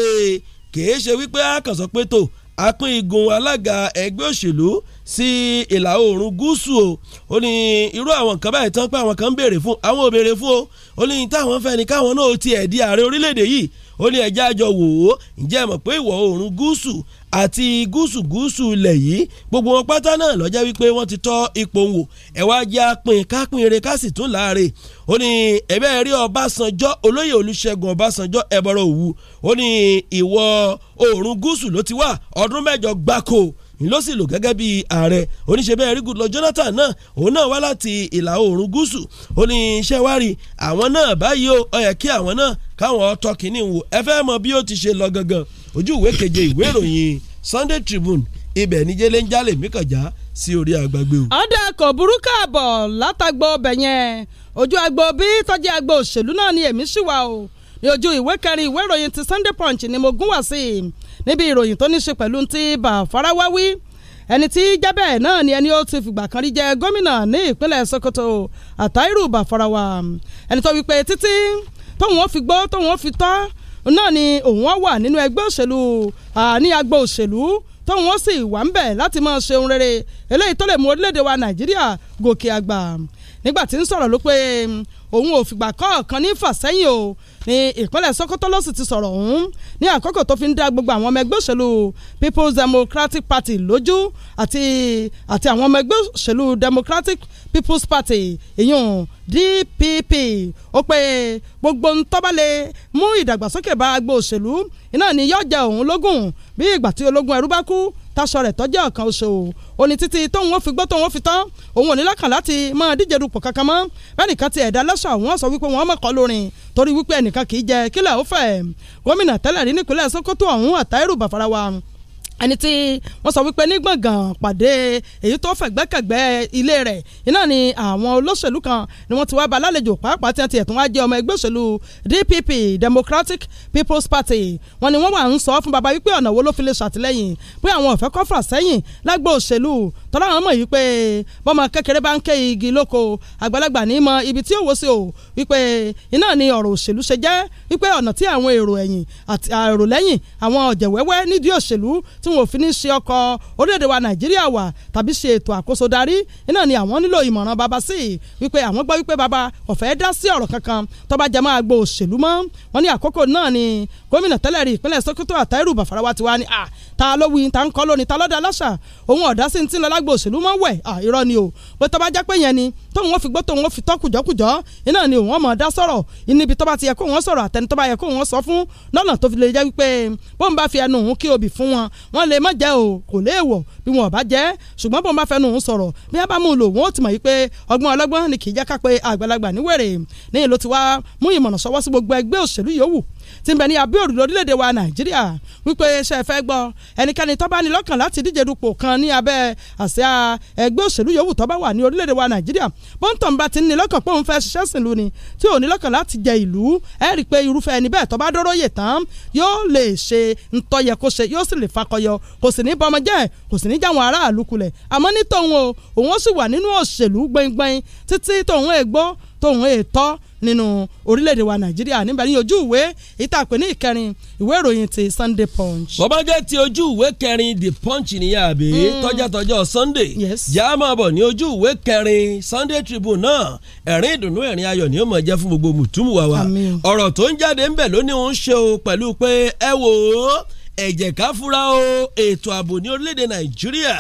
kìí ṣe wípé a kàn sọ pé tó a pín igun alága ẹgbẹ́ òṣèlú sí ìlà oòrùn gúúsù o ó ní irú àwọn nǹkan báyìí tán pé àwọn kan ń béèrè fún àwọn ò béèrè fún o ó ní táwọn fẹ́ ni káwọn náà ti ẹ̀ di ààrẹ orílẹ̀-èdè yìí ó ní ẹjẹ́ àjọ wò ó ǹjẹ́ ẹ mọ̀ pé ìwọ̀ oòrùn gúúsù àti gúúsù gúúsù ilẹ̀ yìí gbogbo wọn pátá náà lọ́jọ́ wípé wọ́n ti tọ́ ipò wò ẹ̀wá jẹ́ apin kápin eré kásì tún láàrin ó ní ẹ̀bẹ́ rí Ọbásanjọ́ olóyè Olúṣẹ́gun Ọbásanjọ́ ẹ̀bọ̀rọ̀ òwú ó ní ìwọ̀ oòrùn gúúsù ló ti wà ọdún mẹ́jọ gbáko ló sì lò gẹ́gẹ́ bí ààrẹ oníṣẹ́ bẹ́ẹ̀ rí Goodluck Jonathan náà òun náà wá láti ìlà oòrùn gúúsù ó ní iṣẹ́ wá rí àwọn náà báyìí ó ó yẹ kí àwọn náà káwọn ọtọ́ kìíní wò ẹ fẹ́ mọ bí ó ti ṣe lọ gangan ojú ìwé keje ìwé ìròyìn Sunday Tribune ibẹ̀ níjẹ́lẹ́ ń jálè mí kànjá sí orí agbágbé o. ọ̀dà kò burúkú àbọ̀ látàgbọ́ ọbẹ̀ yẹn ojú agbo bí tọ́jú agbo òṣèlú náà ni èmi sì wà o ojú ìwé kẹrin ìwé ìròyìn ti Sunday Punch ni mo gún wá sí i níbi ìròyìn tó ní ṣe pẹ̀lú ti Bàfárá wí ẹni tí jábẹ́ náà ni ẹni ó ti fìgbà kan rí jẹ́ gómìnà ní ìpínlẹ̀ Sokoto Àtàírù Bàfárá wá ẹni tó wípé títí tóun ó fi gbọ́ tóun ó fi tọ́ náà ni òun ó wà nínú ẹgbẹ́ òṣèlú àní agbo òṣèlú tóun ó sì wà ń bẹ̀ láti máa ṣe ohun rere eléyìí tó lè mú orílẹ̀-èdè wa Nàìjíríà gòkè àgbà nígbà tí ń sọ̀rọ̀ ló pé òun ò fìgbà kọ́ọ̀kan ní fàsẹ́yìn o ní ìpínlẹ̀ Sokoto ló sì ti sọ̀rọ̀ ọ̀hún ní àkókò tó fi ń dá gbogbo àwọn ọmọ ẹgbẹ́ òṣèlú People's Democratic Party lójú àti àti àwọn ọmọ ẹgbẹ́ òṣèlú Democratic People's Party ìyún DPP ó pé gbogbo ń tó bá lè mú ìdàgbàsókè bá agbo òṣèlú iná ni yóò jẹ òun lógún bí ìgbà tí ológun ẹrú bá kú táṣọ rẹ̀ tọ́jọ́ kan oṣù ó ní títí tóun ó fi gbọ́ tóun ó fi tán òun ò ní lọ́kàn láti máa díje dupò kankan mọ́ bẹ́ẹ̀nìkan ti ẹ̀dá lọ́sọ̀ àwọn sọ wípé wọ́n mọ̀kọ́ lórin torí wípé ẹnìkan kì í jẹ kílẹ̀ ó fẹ̀ gómìnà tẹ́lẹ̀ rí nípínlẹ̀ Sokoto ọ̀hún Àtàírù Bàfarawa ẹni tí wọ́n sọ wípé ní gbọ̀ngàn pàdé èyí tó fẹ̀gbẹ́kẹ̀gbẹ́ ilé rẹ̀ iná ni àwọn olóṣèlú kan ni wọ́n ti wá ba lálejò pàápàá tí wọ́n ti ẹ̀tún wá jẹ́ ọmọ ẹgbẹ́ òṣèlú DPP Democratic People's Party wọ́n ni wọ́n wà ń sọ fún baba wípé ọ̀nà wo ló fi lè ṣàtìlẹ́yìn pé àwọn ọ̀fẹ́ kọ́fà sẹ́yìn lágbó òṣèlú tọ́lá àwọn mọ̀ yìí pé bọ́mọ kékeré bá ń ké igi lóko àgbàlagbà ní mọ ibi tí òwò sí o wípé iná ni ọ̀rọ̀ òṣèlú ṣe jẹ́ wípé ọ̀nà tí àwọn èrò ẹ̀yìn àti èrò lẹ́yìn àwọn ọ̀jẹ̀wẹ́wẹ́ nídìí òṣèlú tí wọn ò fi ní ṣe ọkọ̀ orílẹ̀-èdè wa nàìjíríà wà tàbí ṣe ètò àkóso darí iná ni àwọn nílò ìmọ̀ràn baba sí i wípé àwọn gbọ́ wípé baba ọ̀fẹ́ dá sí ọ̀rọ̀ kankan tó bá jẹ mọ́ agbo òṣèlú mọ́ wọn ní àkókò náà ni gómìnà tẹ́lẹ̀ rí ìpínlẹ̀ Sókótó Àtàírù Bàfàràwá ti wá ní à ta ló wí ta ń kọ́ lónìí ta lọ́dọ̀ aláṣà òun ọ̀dá sí ti ń lọ lágbo òṣèlú mọ́ wẹ̀ irọ́ ni o pé tó bá jẹ́ pé yẹn ni tóun ó fi gbó tóun ó fi tọ́ kùjọ́kùjọ́ iná ni òun ọmọ dá sọ̀rọ̀ níbi tó ti yẹ kó wọn sọ̀rọ̀ àtẹni tó yẹ kó wọn sọ fún lọ́nà tó fi lè jẹ́ wípé bóun bá fi ẹnu òun kí obì fún wọn wọn wọ́n lè má jẹ́ o kò léèwọ̀ bí wọn bá jẹ́ ṣùgbọ́n bó ń bá fẹnu sọ̀rọ̀ bí a bá mú un lò wọ́n ó ti mọ̀ yìí pé ọgbọ́n ọlọ́gbọ́n ni kì í jẹ́ ká pé àgbàlagbà níwèrè ní ìlú tiwa mú ìmọ̀ràn sọwọ́ sí gbogbo ẹgbẹ́ òṣèlú yòówù tí ń bẹ ní abíòrù lórílẹ̀‐èdè wa nàìjíríà wípé ṣe fẹ́ gbọ́ ẹnikẹ́ni tó bá ní lọ́kàn láti díje dupò kan ní abẹ́ àsíá ẹgbẹ́ òṣèlú yòówù tó bá wà ní orílẹ̀‐èdè wa nàìjíríà bóńtàn bá ti ní lọ́kàn pé òun fẹ́ ṣiṣẹ́ sìnlú ni tí ò ní lọ́kàn láti jẹ ìlú ẹ rí i pé irúfẹ́ ẹni bẹ́ẹ̀ tó bá dọ́rọ́ yè tán yóò lè ṣe ntọ́yẹ kó ṣe yóò sì lè fakọyọ kò sì ní bọmọ jẹ́ kò sì ní jáwọn aráàlú kulẹ̀ àmọ́ ní tòun o òun sì wà nínú òṣèlú gbẹngbẹng títí tòun ègbó tòun ètọ́ nínú orílẹ̀-èdè wa nàìjíríà níbẹ̀ ní ojú ìwé ìtàpé ní ìkẹrin ìwé ìròyìn ti sunday punch. bó bá jẹ́ ti ojú ìwé kẹrin the punch nìyẹn àbí hmm. tọ́jàtọ́jọ́ sunday yàá máa bọ̀ ní ojú ìwé kẹrin sunday tribune náà ẹ̀rín ìdùnnú ẹ̀rín ayọ̀ ni ó máa jẹ́ fún gbogbo mùtúmùwà wa ọ̀rọ̀ tó ń jáde ńbẹ̀ lónìí ń ṣe o pẹ̀lú pé ẹ wò ó ẹ̀jẹ̀ ká fura o ètò ààbò ní orílẹ̀-èdè nàìjíríà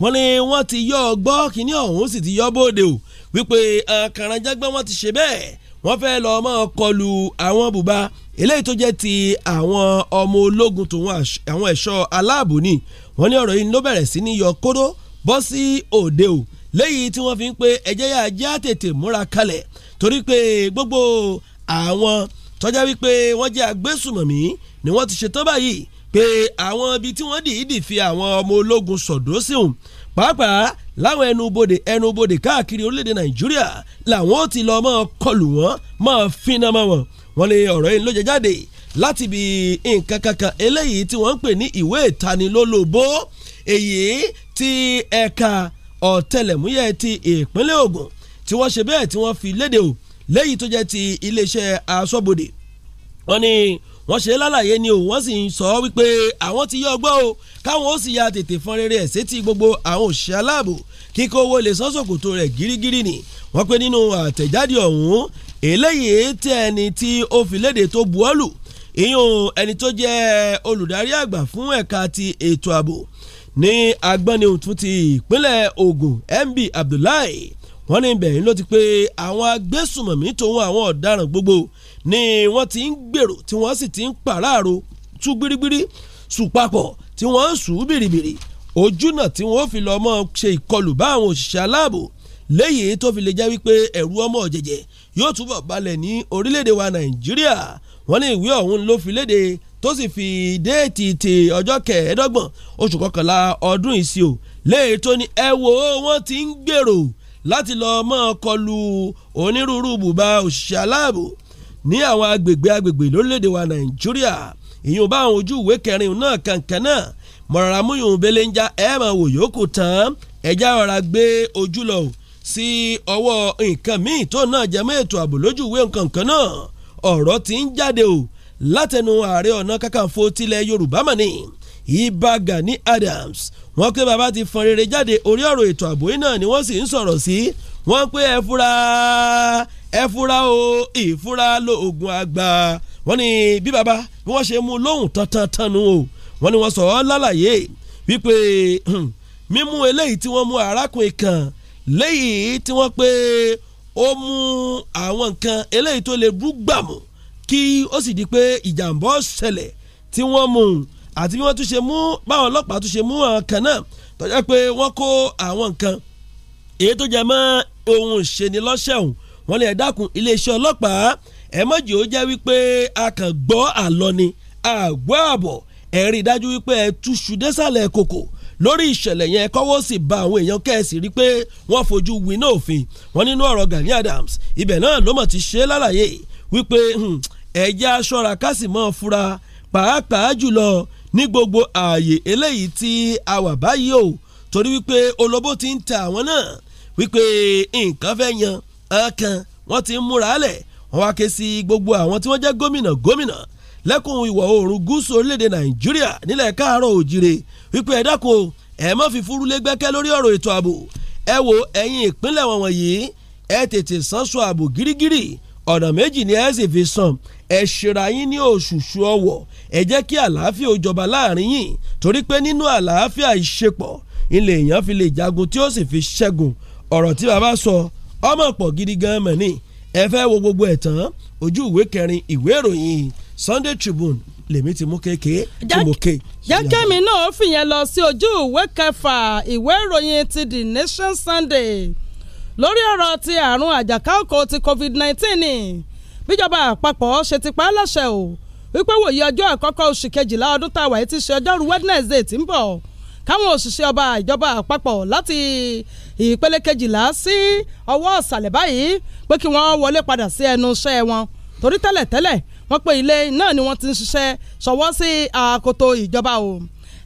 wọ́n ní wọ́n ti yọ ọgbọ́ kínní ọ̀hún sì ti yọ bóde o wípé àkàràǹjágbá wọ́n ti ṣe bẹ́ẹ̀ wọ́n fẹ́ lọ mọ́ kọlu àwọn bùbá eléyìí tó jẹ́ ti àwọn ọmọ ológun tòun àwọn ẹ̀ṣọ́ aláàbò ni wọ́n ní ọ̀rọ̀ yìí ló bẹ̀rẹ̀ sí ní yọ kóró bọ́ sí òde o léyìí tí wọ́n fi ń pe ẹ̀jẹ̀ yà já tètè múra kalẹ̀ torí pé gbogbo àwọn tọ́já wípé wọ́n jẹ́ agbésùmọ̀mí ni wọ́n ti ṣetán báyìí pé àwọn ibi tí wọ́n dìídì fi àwọn ọmọ ológun sọ̀dọ́ sí òun pàápàá láwọn ẹnubodè ẹnubodè káàkiri orílẹ̀-èdè nàìjíríà làwọn ó ti lọ máa kọlù wọn máa fínà mọ́ wọn wọn lè ọ̀rọ̀ yìí ló jẹ jáde láti ibi nǹkan kankan eléyìí tí wọ́n ń pè ní ìwé ìtanilólobó èyí tí ẹ̀ka ọ̀tẹlẹ̀múyẹ́ ti ìpínlẹ̀ Ògùn tí wọ́n ṣe bẹ́ẹ̀ tí wọ́n fi léde o léyìí tó jẹ́ ti iléeṣẹ́ aṣọ́bodè wọ́n ní wọ́n ṣe lálàyé ni o wọ́n sì ń sọ wípé àwọn ti yọ ọgbọ́ o káwọn ó sì ya tètè fọn rere ẹ̀ sétí gbogbo àwọn òṣìṣẹ́ aláàbò kíkó owó lè sán ṣòkòtò rẹ̀ gírígírí ni wọ́n pé nínú àtẹ̀jáde ọ̀hún eléyìí tí ẹni tí ó fi léde tó buọ́lù ìyún ẹni tó jẹ́ olùdarí àgbà fún ẹ̀ka ti ètò ààbò ní agbọ́ni òtún ti ìpínlẹ̀ Ògùn MB Abdullahi wọ́n ní ibẹ̀ yìí ló ti pé àwọn agbésùmọ̀mí tòun àwọn ọ̀daràn gbogbo ni wọ́n ti ń gbèrò tí wọ́n sì ti ń pàráàrò tú gbirigbiri sùn papọ̀ tí wọ́n ń sùn bìrìbìrì ojúnà tí wọ́n fi lọ́ọ́ mọ́ ṣe ìkọlù bá àwọn òṣìṣẹ́ aláàbò léyìí tó fi lè jẹ́ wípé ẹ̀rù ọmọ jẹ̀jẹ̀ yóò túbọ̀ balẹ̀ ní orílẹ̀-èdè wa nàìjíríà wọ́n ní ìwé ọ̀hún ló fi léde tó sì fi déètì ti ọjọ́ kẹẹ̀ẹ́dọ́gbọ̀n oṣù kọkànlá ọdún ìsì o léyìí tó ní ẹ wo wọ́n ti ń gbèrò láti lọ́ọ́ mọ́ kọlù onírúurú bùbá òṣìṣẹ́ aláàbò ní àwọn agbègbè agbègbè lórílẹ̀‐èdè wa nàìjíríà ìyún bá àwọn ojú ìwé kẹrin náà kankan náà mọ̀ràrà múyùn belenja ẹ̀ máa wò yòókù tán ẹ̀já ọ̀rá gbé ojú lọ sí ọwọ́ nǹkan míì tó náà jẹ́ ètò ààbò lójú ìwé nǹkan kan náà ọ̀rọ̀ ti ń jáde o látẹnu ààrẹ ọ̀nà kakanfò tilẹ̀ yorùbá mọ̀ ni ibà Gani Adams wọ́n pé bàbá ti fọn rere jáde orí ọ̀rọ̀ ètò ààbò yìí náà ni wọ́n sì ń sọ̀rọ̀ sí si, wọ́n pé ẹ fura ẹ fura o ìfura lóògùn àgbà wọ́n ní bí baba bí wọ́n ṣe mú lóhùn tantan tanu o wọ́n ní wọ́n sọ ọ́ lálàyé wípé hmm, mímú eléyìí tí wọ́n mú arákùnrin kan léyìí tí wọ́n pé ó mú àwọn nǹkan eléyìí tó lè bú gbàmù kí ó sì di pé ìjàmbá ṣẹlẹ̀ tí wọ́n mú un àti bí wọ́n tún ṣe mú báwọn ọlọ́pàá tún ṣe mú àwọn kan náà tó pé wọ́n kó àwọn nǹkan èyí tó jẹ mọ́ ohun ìṣenilọ́ṣẹ̀ ọ̀hún wọ́n lè dákun iléeṣẹ́ ọlọ́pàá ẹ̀ mọ̀jì ó jẹ́ wípé a kàn gbọ́ àlọ́ ni àgbọ́ àbọ̀ ẹ̀ rí i dájú wípé ẹ túṣu désàlẹ̀ kòkò lórí ìṣẹ̀lẹ̀ yẹn kọ́wọ́ sì ba àwọn èèyàn kẹ́ẹ̀sì rí pé wọ́n fojú winá òfin wọn nínú ọ̀rọ̀ Gani Adams ibẹ̀ náà ló mọ̀ ti ṣe é lálàyé wípé hmm, ẹ̀jẹ̀ aṣọra kásì mọ́ fura pàápàá jùlọ ní gbogbo ààyè eléyìí tí a wà báyìí o torí wípé olóbó ti ń ta àwọn náà wípé nǹkan fẹ́ yan ọkàn wọ́n ti ń múra lẹ̀ wọ́n wá ké sí gbogbo àwọn tí wọ́n jẹ́ gómìnà gómìnà lẹ́kùn ìwọ̀ oòrùn gúúsù orílẹ̀-èdè nàìjíríà nílẹ̀ káàárọ̀ òjìrè wípé ẹ dákun ẹ má fi fúrúlé gbẹ́kẹ́ lórí ọ̀rọ̀ ètò ààbò ẹ wo ẹ̀yin ìpínlẹ̀ wọn wọ̀nyí ẹ tètè sánso ààbò gírígírí ọ̀nà méjì ni ẹ sì fi sàn ẹ ṣera yín ní òṣùṣù ọwọ̀ ẹ jẹ́ kí àlàáfíà ó láàrin yín torí pé nínú àlàáfíà ìṣepọ̀ ilé èèyàn fi lè jagun tí ó sì fi ṣẹ́gun ọ̀rọ̀ tí bàbá sọ ọmọ pọ̀ gidi gan mọ̀ ní ẹ fẹ́ wo gbogbo ẹ̀ tán ojú ìwé kẹrin ìwé ìròyìn Sunday Tribune lèmi ti mú kéèké tí mo ké. jẹ́kẹ́ mi náà fìyẹn lọ sí ojú ìwé kẹfà ìwé ìròyìn ti The Nation Sunday lórí ọ̀rọ̀ ti àrùn àjàkálkò ti COVID-19 ni bíjọba àpapọ̀ ṣe ti pa á láṣẹ o wípé wòye ọjọ́ àkọ́kọ́ oṣù kejìlá ọdún tá a wà yìí ti ṣe ọjọ́rú Wednesday tí ń bọ̀ káwọn òṣìṣẹ́ ọba ìjọba àpapọ̀ láti ìpele kejìlá sí ọwọ́ ọ̀sàlẹ̀ báyìí pé kí wọ́n wọlé padà sí ẹnu iṣẹ́ wọn torí tẹ́lẹ̀tẹ́lẹ̀ wọ́n pé ilé náà ni wọ́n ti ń ṣiṣẹ́ ṣọwọ́ sí àkótó ìjọba o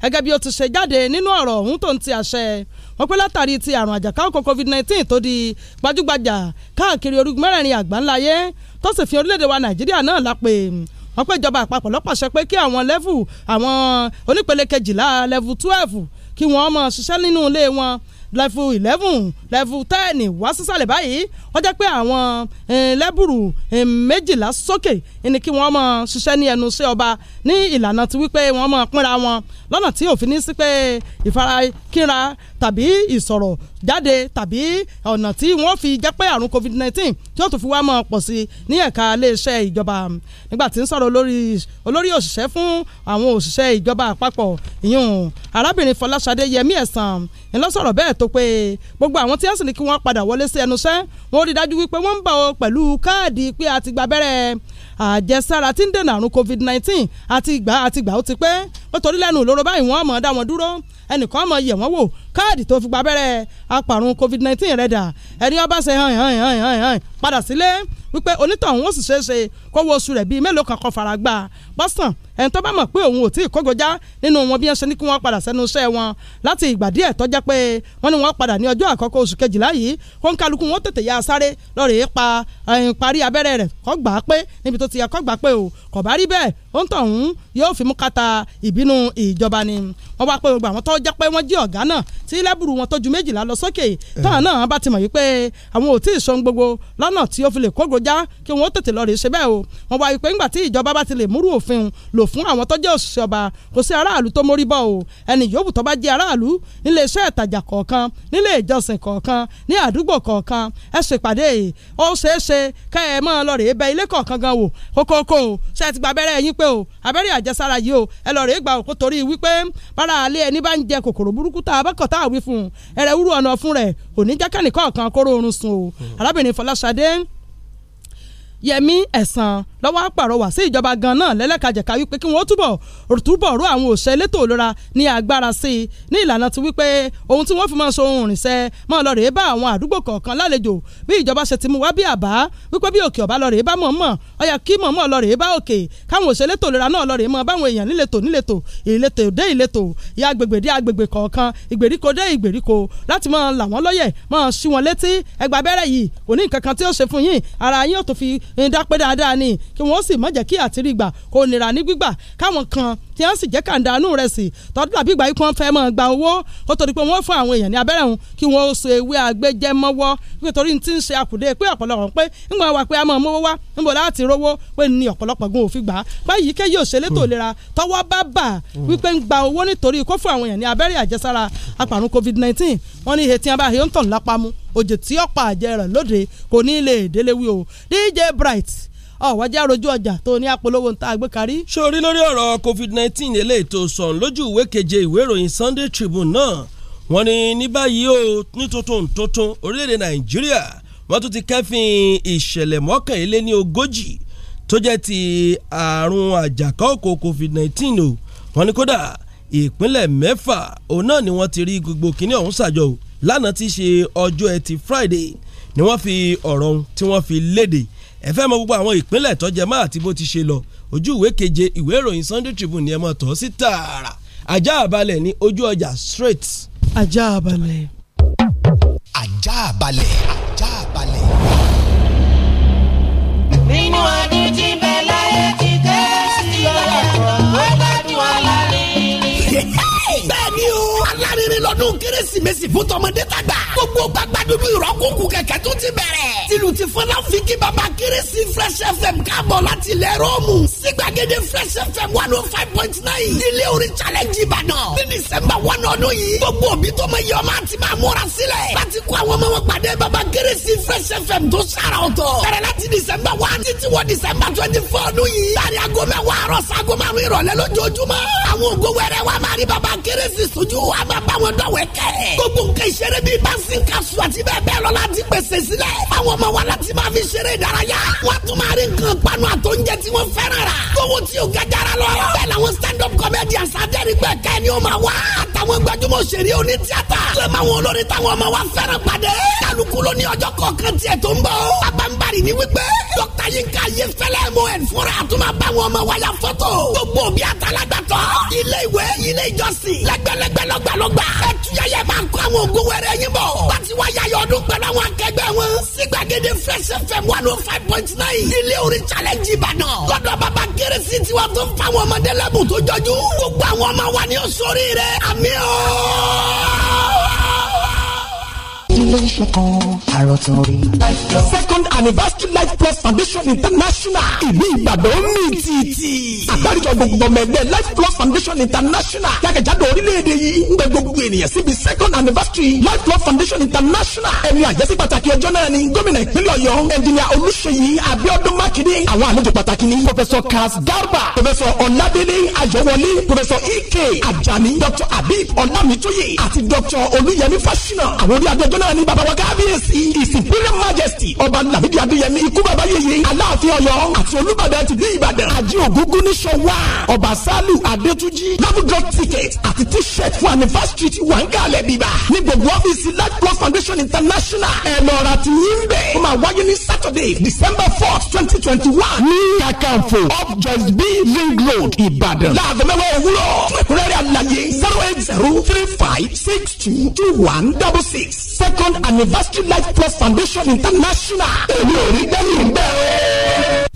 gẹ́gẹ́ bí ó ti ṣe jáde nínú ọ̀rọ̀ ọ̀hún tó ń ti àṣẹ wọ́n pé látàrí ti àrùn àjàkálùkò covid-19 tó di gbajúgbajà káàkiri orí mẹ́rẹ̀ẹ̀rin àgbáńláyé tó sì fi orílẹ̀-èdè wa nàìjíríà náà lápè wọ́n pé ìjọba àpapọ̀ ló pàṣẹ pé kí àwọn level àwọn onípele kejìlá level twelve kí wọ́n máa ṣiṣẹ́ nínú ilé wọn level eleven level ten wá sísàlẹ̀ báyìí ó jẹ́ pé àwọn eh, lẹ́bùrù eh, méjìlá sókè ni kí wọ́n máa ṣiṣẹ́ ní ẹnu iṣẹ́ ọba ní ìlànà tí wípé wọ́n máa pínra wọn lọ́nà tí òfin ní sí pé ìfarakínra tàbí ìsọ̀rọ̀ jáde tàbí ọ̀nà tí wọ́n fi jẹ́ pé àrùn covid nineteen tí ó tún fi wá máa pọ̀ sí ní ẹ̀ka iléeṣẹ́ ìjọba nígbà tí ń sọ̀rọ̀ olórí òṣìṣẹ́ fún àwọn òṣìṣẹ́ ìjọba àpapọ̀ ìyún arábìnrin Fọláṣadé Yẹmí Ẹ̀sán ńlọ́sọ̀rọ̀ bẹ́ẹ̀ tó pé gbogbo àwọn tí ẹ̀sìn ni kí wọ́n padà wọlé sí ẹnu iṣẹ́ wọ́n rí dájú wípé wọ́n ń bọ̀ pẹ̀lú káàdì pé a ti gba abẹ́rẹ́ àjẹsára tí ń dènà àrùn covid nineteen àti ìgbà àti ìgbà ó ti pé ó torí lẹ́nu ìloro báyìí wọ́n mọ̀ ọ́ dá wọn dúró ẹnìkan mọ̀ yẹ̀ wọ́n wò káàdì tó fi gba abẹ́rẹ́ apàrùn covid-19 rẹ̀ dà ẹni ọba ṣe hàn hàn hàn hàn padà sílé wípé onítọ̀hún ó sì ṣeé ṣe kó wo oṣù rẹ̀ bíi mélòó kan kan fara gbá a bọ́sàn ẹni tó bá mọ̀ pé òun ò tí ì kógojá nínú wọn bí wọ́n ṣe ní kí wọ́n padà sẹ́nu iṣẹ́ wọn láti ìgbà díẹ̀ tó jẹ́ pé wọ́n ní wọ́n padà ní ọjọ́ àkọ́kọ́ oṣù kejìlá yìí kó ń kálukú wọn tètè ya sáré lọ́ọ̀rẹ́ pa parí abẹ́rẹ́ rẹ̀ kó gbà á pé níbi tó ti yẹ kó gbà pé o kò bá rí bẹ́ẹ̀ òǹtọ̀hún yóò fi mú kata ìbínú ìjọba ni wọ́n wá pé gbogbo àwọn tó jẹ́ pé wọ́n jí ọ̀gá náà tí lẹ́bùrú wọn tó ju méjìlá lọ sókè eh. táwọn náà bá ti mọ̀ yìí pé àwọn ò tí ì sọ̀n gbogbo lọ́nà tí ó fi lè kógojá kí wọ́n tètè lọ rè ṣe bẹ́ẹ̀ o wọ́n wá pé ńgbà tí ìjọba bá ti lè múrú òfin lò fún àwọn tó jẹ́ òṣìṣẹ́ ọba kò sí aráàlú tó mórí bọ́ o ẹni yòówù tó bá jẹ́ aráàlú nílé iṣẹ́ ìtajà kọ̀ọ̀kan nílé ìjọsìn kọ̀ọ̀kan ní àdúgbò kọ̀ọ̀kan ẹ ṣèpàdé ó ṣeé ṣe kẹ́ ẹ máa lọ rèé bẹ ilé kọ̀ọ̀kan gan wò ti gba abẹ́rẹ́ pé o abẹ́rẹ́ àjẹsára yìí o ẹ lọ́ọ́ rẹ̀ gbà òkú torí wípé bára alẹ́ ẹni bá ń jẹ kòkòrò burúkú tá a bá kọ̀ tá fún un ẹ̀rẹ̀ wúrú ọ̀nà fún rẹ̀ òní jákàní kọ̀ọ̀kan kóró orun sùn o hmm. arábìnrin Fọláṣadé yẹmí ẹ̀sán lọ́wọ́ àpàrọwà sí ìjọba gan náà lẹ́lẹ́kajẹ̀ka wípé kí wọ́n túbọ̀ túbọ̀ rú àwọn òṣè elétò ìlera ní agbára sí i ní ìlànà ti wípé ohun tí wọ́n fi máa sohun rìnṣẹ́ máa lọ rèé bá àwọn àdúgbò kọ̀ọ̀kan lálejò bí ìjọba ṣe ti mú wá bí àbá wípé bí òkè ọ̀bá lọ rèé bá mọ̀ọ́mọ̀ ọ̀yà kí mọ̀ọ́mọ̀ lọ rèé bá òkè káwọn òṣè elétò ìlera náà lọ rèé mọ báwọn èèyàn níletò níletò ìletò dé ìletò ya agbègbè dé agbègbè kọ̀ọ̀kan ìgbèríko dé ìgbèríko láti máa là wọ́n lọ́yẹ̀ máa ṣí wọn létí ẹgbàá abẹ́rẹ́ yìí kò ní nǹkan kan tí ó ṣe fún yín ara yín ó ń dápẹ́ dáadáa ni kí wọ́n sì má jẹ́ kí àtìrígbà kò nira ní gbígbà káwọn kan kí wọ́n sì jẹ́ kàńdà àánú rẹ̀ sí tọ́jú tàbí ìgbà kí wọ́n fẹ́ máa gba owó kó torí pé wọ́n fún àwọn èèyàn ní abẹ́rẹ́ òun kí wọ́n so ewé agbẹ́jẹ́ mọ́wọ́ nítorí ti ń ṣe àkùdé pé ọ̀pọ̀lọpọ̀ pé ńgbà wà pé a máa mówó wá ńbọ̀ láti rówó pé ní ọ̀pọ̀lọpọ̀ gun òfin gbà á báyìí ké yóò ṣe létò hmm. ìlera tọwọ́ bá bà wípé ń gba owó nítorí kó fún àwọn èèyàn ní abẹ́rẹ́ àjẹsára apàrùn covid-19 wọ́n ní ihe tí yóò ń tàn lápá òjò tí ọ̀pá àjẹ lóde kò ní ilé ìdélé wí o DJ Bright ọ̀wájà rojú ọjà tó ní apolówó ń ta àgbé kárí. sórí lórí ọ̀rọ̀ covid-19 eléyìí tó sọ̀n lójú ìwé keje ìwé ìròyìn Sunday Tribune náà wọ́n ní ní báyìí o ní tuntun tuntun orílẹ̀-èdè Nàìjíríà wọ́n tún ti kẹ́fìn ìṣẹ̀lẹ̀ mọ́kànléní ogójì tó jẹ́ ti àrùn àjàkálẹ̀ covid-19 o wọ́n ní kódà ìpínlẹ̀ mẹ́fà òun náà ni wọ́n ti rí gbogbo kínní ọ̀hún ṣàjọ lánàá ti ṣe ọjọ́ ẹtì Friday ni wọ́n fi ọ̀rọ̀ ohun tí wọ́n fi léde ẹ fẹ́ mọ gbogbo àwọn ìpínlẹ̀ tọ́jẹ́ má àti bó ti ṣe lọ ojú ìwé keje ìwé ìròyìn Sunday Tribune ni ẹ mọ̀ tọ́ sí tààrà ajá àbálẹ̀ ní ojú ọjà straight. ajá àbálẹ̀. ajá àbálẹ̀ ajá àbálẹ̀. nínú adé. lọ́dún kérésìmesì fún tọmọdé tàgbà. gbogbo gbàgbádùn ìrọ́kùnkùn kẹ̀kẹ́ tún ti bẹ̀rẹ̀. tìlù ti fọlá fi kí baba kérésì fresh fm káàbọ̀ láti ilẹ̀ rọ́ọ̀mù. sí gbàgede fresh fm one oh five point nine. ilé orin challenge ìbàdàn. ní december one ọdún yìí. gbogbo òbí tó mọ iye ọmọ àti máa múra sílẹ̀. láti kó àwọn ọmọ wọn pàdé baba kérésì fresh fm tó sára ọ̀tọ̀. bẹ̀rẹ̀ láti december one títí wọ december twenty four ọdún yìí. láàrin aago mẹ́wàá àárọ̀ sago márùn-ún ìrọ̀lẹ́ lójoojúmọ́. àwọn ògo wẹrẹ wa máa rí baba kérésì sojú wa máa bá wọn alágbàwẹ̀ kẹ́. gbogbo nǹkan ìṣeré bíi báńsì kaṣu àti bẹ́ẹ̀ bẹ́ẹ̀ lọ láti pèsè sílẹ̀. àwọn ọmọ wa láti máa fi ṣeré ìdárayá. wọ́n tún máa rí nǹkan panu àtọ́njẹ tí wọ́n fẹ́ràn rà. gbogbo tí o gajara lọ. bẹ́ẹ̀ làwọn stand up comedians adẹ́rìgbẹ́ kẹ́ ni ó máa wá. àtàwọn gbajúmọ̀ òṣèré oní tíátà. lẹ́mọ̀ àwọn olórin táwọn ọmọ wa fẹ́ràn pàdé. kálukú ló ní ọjọ́ kọ̀ọ̀kan tiẹ̀ tó ń bọ̀. abambari ni wípé dókítà Yinka Ayéfẹ́lẹ́ mo ẹ̀ fúnra àtúmọ̀ bá àwọn ọmọ wáyà fọ́tò. gbogbo òbí àtàlágbàtọ́. ilé ìwé ilé ìjọsìn lẹ́gbẹ̀lẹ́gbẹ̀ lọ́gbàlọ́gbà fẹ́ tuyẹyẹ máa kó àwọn ògo wẹrẹ yín bọ̀. láti wá yayọ̀ ọdún pẹ̀lú àwọn akẹgbẹ́ wọn. sígbàgede fresh fm one oh five point nine. ilé orin challenge ìbàdàn. lọ́dọ̀ bàbá kérésì tiwa tó ń fa àwọn ọmọdé lẹ́bùn tó jọjú. gbogbo àwọn ọmọ wa ni ó sórí rẹ̀. àmín o second anniversary life plus foundation international ìlú ìbàdàn ní títì. àgbáríjọ gbogbo mẹ́gbẹ́ life plus foundation international jákèjádò orílẹ̀-èdè yìí ń gbẹ gbogbo ènìyàn síbi second anniversary life plus foundation international ẹni àjẹsí pàtàkì ọjọ́ náà ni gómìnà ìpínlẹ̀ ọ̀yọ́ ẹnjìnìà olùṣeyí abiodun makinde àwọn àlejò pàtàkì ni professor kaz garba professor ọ̀nàdélé ayọ̀wọlé professor ike ajani Doctor abib ọ̀nàmítúyè àti Doctor olùyẹmí fásinà àwọn orí adé ọjọ́ náà náà ni bàbá wa kábíyèsí his imperial majesty ọba nàmídìí adéyẹmí ikú bàbá yèyé aláàfin ọ̀yọ́ àti olúbàdàn ti ní ìbàdàn àjẹ ògúngún ní sọwá ọba sálù adétúnjì labudọ ticket àti t-shirt fún anniversary ti wà ń kalẹ̀ bíbá ní gbogbo ọ́fíìsì light plus foundation international ẹ̀ lọ́ra ti yín bẹ́ẹ̀ ó máa wáyé ní saturday december fourth twenty twenty one ní kakanfo up just be ring road ìbàdàn láàgọ́ mẹ́wàá òwúrọ̀ fún ẹ̀kúnrẹ́rẹ́ àlàyé zero eight zero three five six two two one double six second anniversary life plus foundation international èmi ò rí dẹ́nu bẹ́ẹ̀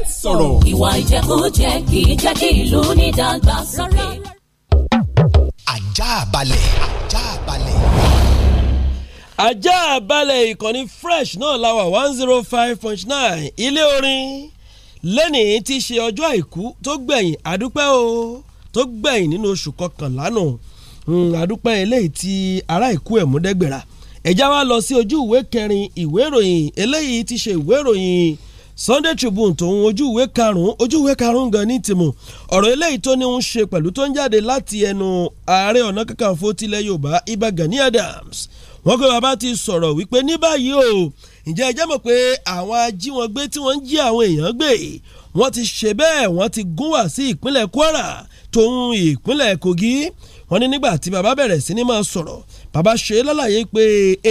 sọ̀rọ̀. ìwà ìjẹkújẹ kì í jẹ́ kí ìlú ní ìdàgbàsókè. ajá balẹ̀ ajá balẹ̀ ajá balẹ̀ ìkànnì fresh náà láwà one zero five point nine ilé orin lẹ́nìí ti ṣe ọjọ́ àìkú tó gbẹ̀yìn àdúpẹ́ o tó gbẹ̀yìn nínú oṣù kọkànlá nù àdúpẹ́ hmm, eléyìí ti ará ìkú ẹ̀múdẹ́gbẹ̀rà ẹ̀já wa lọ sí ojú ìwé kẹrin ìwé ìròyìn eléyìí ti ṣe ìwé ìròyìn Sunday Tribune tòun ojú ìwé karùn-ún ojú ìwé karùn-ún gan ní tìmù ọ̀rọ̀ eléyìí tó ní ń ṣe pẹ̀lú tó ń jáde láti ẹnu ààrẹ ọ̀nà kakanfò tilẹ̀ Yorùbá Ìbà Gani Adams wọ́n pé bàbá ti sọ̀rọ̀ wípé ní báyìí o ǹjẹ́ ẹ jẹ́ mọ̀ pé àwọn ajíwọ̀ngbé tí wọ́n ń jí àwọn èèyàn gbé wọ́n ti ṣe bẹ́ẹ̀ wọ́n ti gún wá sí ìpínlẹ̀ Kwara tòun ìpínlẹ̀ Kogi wọ́n ní nígbà tí bàbá bẹ̀rẹ̀ sí ní máa sọ̀rọ̀ bàbá ṣe lálàyé pé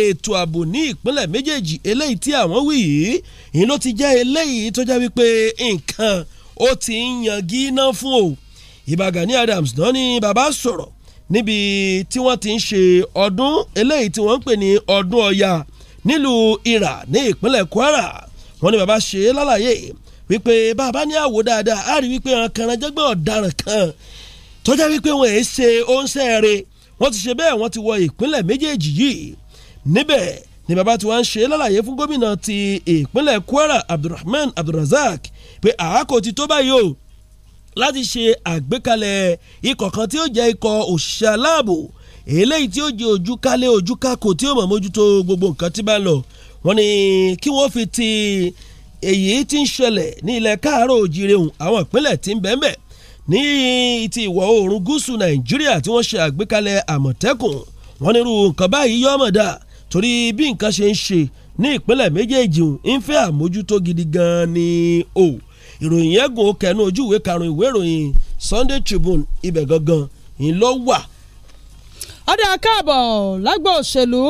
ètò ààbò ní ìpínlẹ̀ méjèèjì eléyìí tí àwọn wí yìí ìyẹn ló ti jẹ́ eléyìí tó jẹ́ wípé nǹkan ó ti ń yangí náà fún o Ìbà Gani Adams náà ni bàbá sọ̀rọ̀ níbi tí wọ́n ti ń ṣe ọdún eléyìí tí wọ́n ń pè ní ọdún Ọya nílùú Ìrà ní ìpínlẹ̀ Kwara wọ́n ní bàbá ṣe lálàyé wípé bàbá ní àwò dáadáa á rí wípé àwọn kan jẹ́gbẹ́ ọ̀daràn kan tó jẹ́ wípé wọ́n èé ṣe oúnṣẹ́ rẹ̀ wọ́n ti ṣe bẹ́ẹ̀ wọ́n ti wọ ìpínlẹ̀ méjèèjì yìí níbẹ̀ ni bàbá tí wọ́n ṣe lálàyé fún gómìnà ti ìpínlẹ̀ Kwara Abdulrahman Abdulrazak pé àákò ti tó báyìí o láti ṣe àgbékalẹ̀ ikọ̀ kan tí ó jẹ́ ikọ̀ òṣìṣẹ́ aláàbò eléyìí tí ó jẹ́ ojúkálẹ̀ ojúkákò tí ó mọ̀ mójútó gbogbo nǹkan tí bá ń lọ wọ́n ní kí wọ́n fi ti èyí tí ń ṣẹlẹ̀ ní ilẹ̀ káàárọ̀ òjìrè hùn àwọn ìpínlẹ̀ tí ń bẹ́ẹ̀ bẹ́ẹ̀ ní ti ìwọ̀ oòrùn gúúsù nàìjíríà tí wọ́n ṣe àgbékalẹ̀ àmọ̀tẹ́kùn wọ́n nírú nǹkan báyìí yọ́mọ̀dá torí bí nǹkan ṣe ń ṣe ní ìpínlẹ̀ méjèèjì ń fẹ́ àmójútó gidi gan ni o ìròyìn yẹn gùn ó kẹnu ojú ìwé karùn ìwé ìròyìn Sunday Tribune ibẹ̀ gangan ń lọ wà. ọ̀dà káàbọ̀ lágbo òṣèlú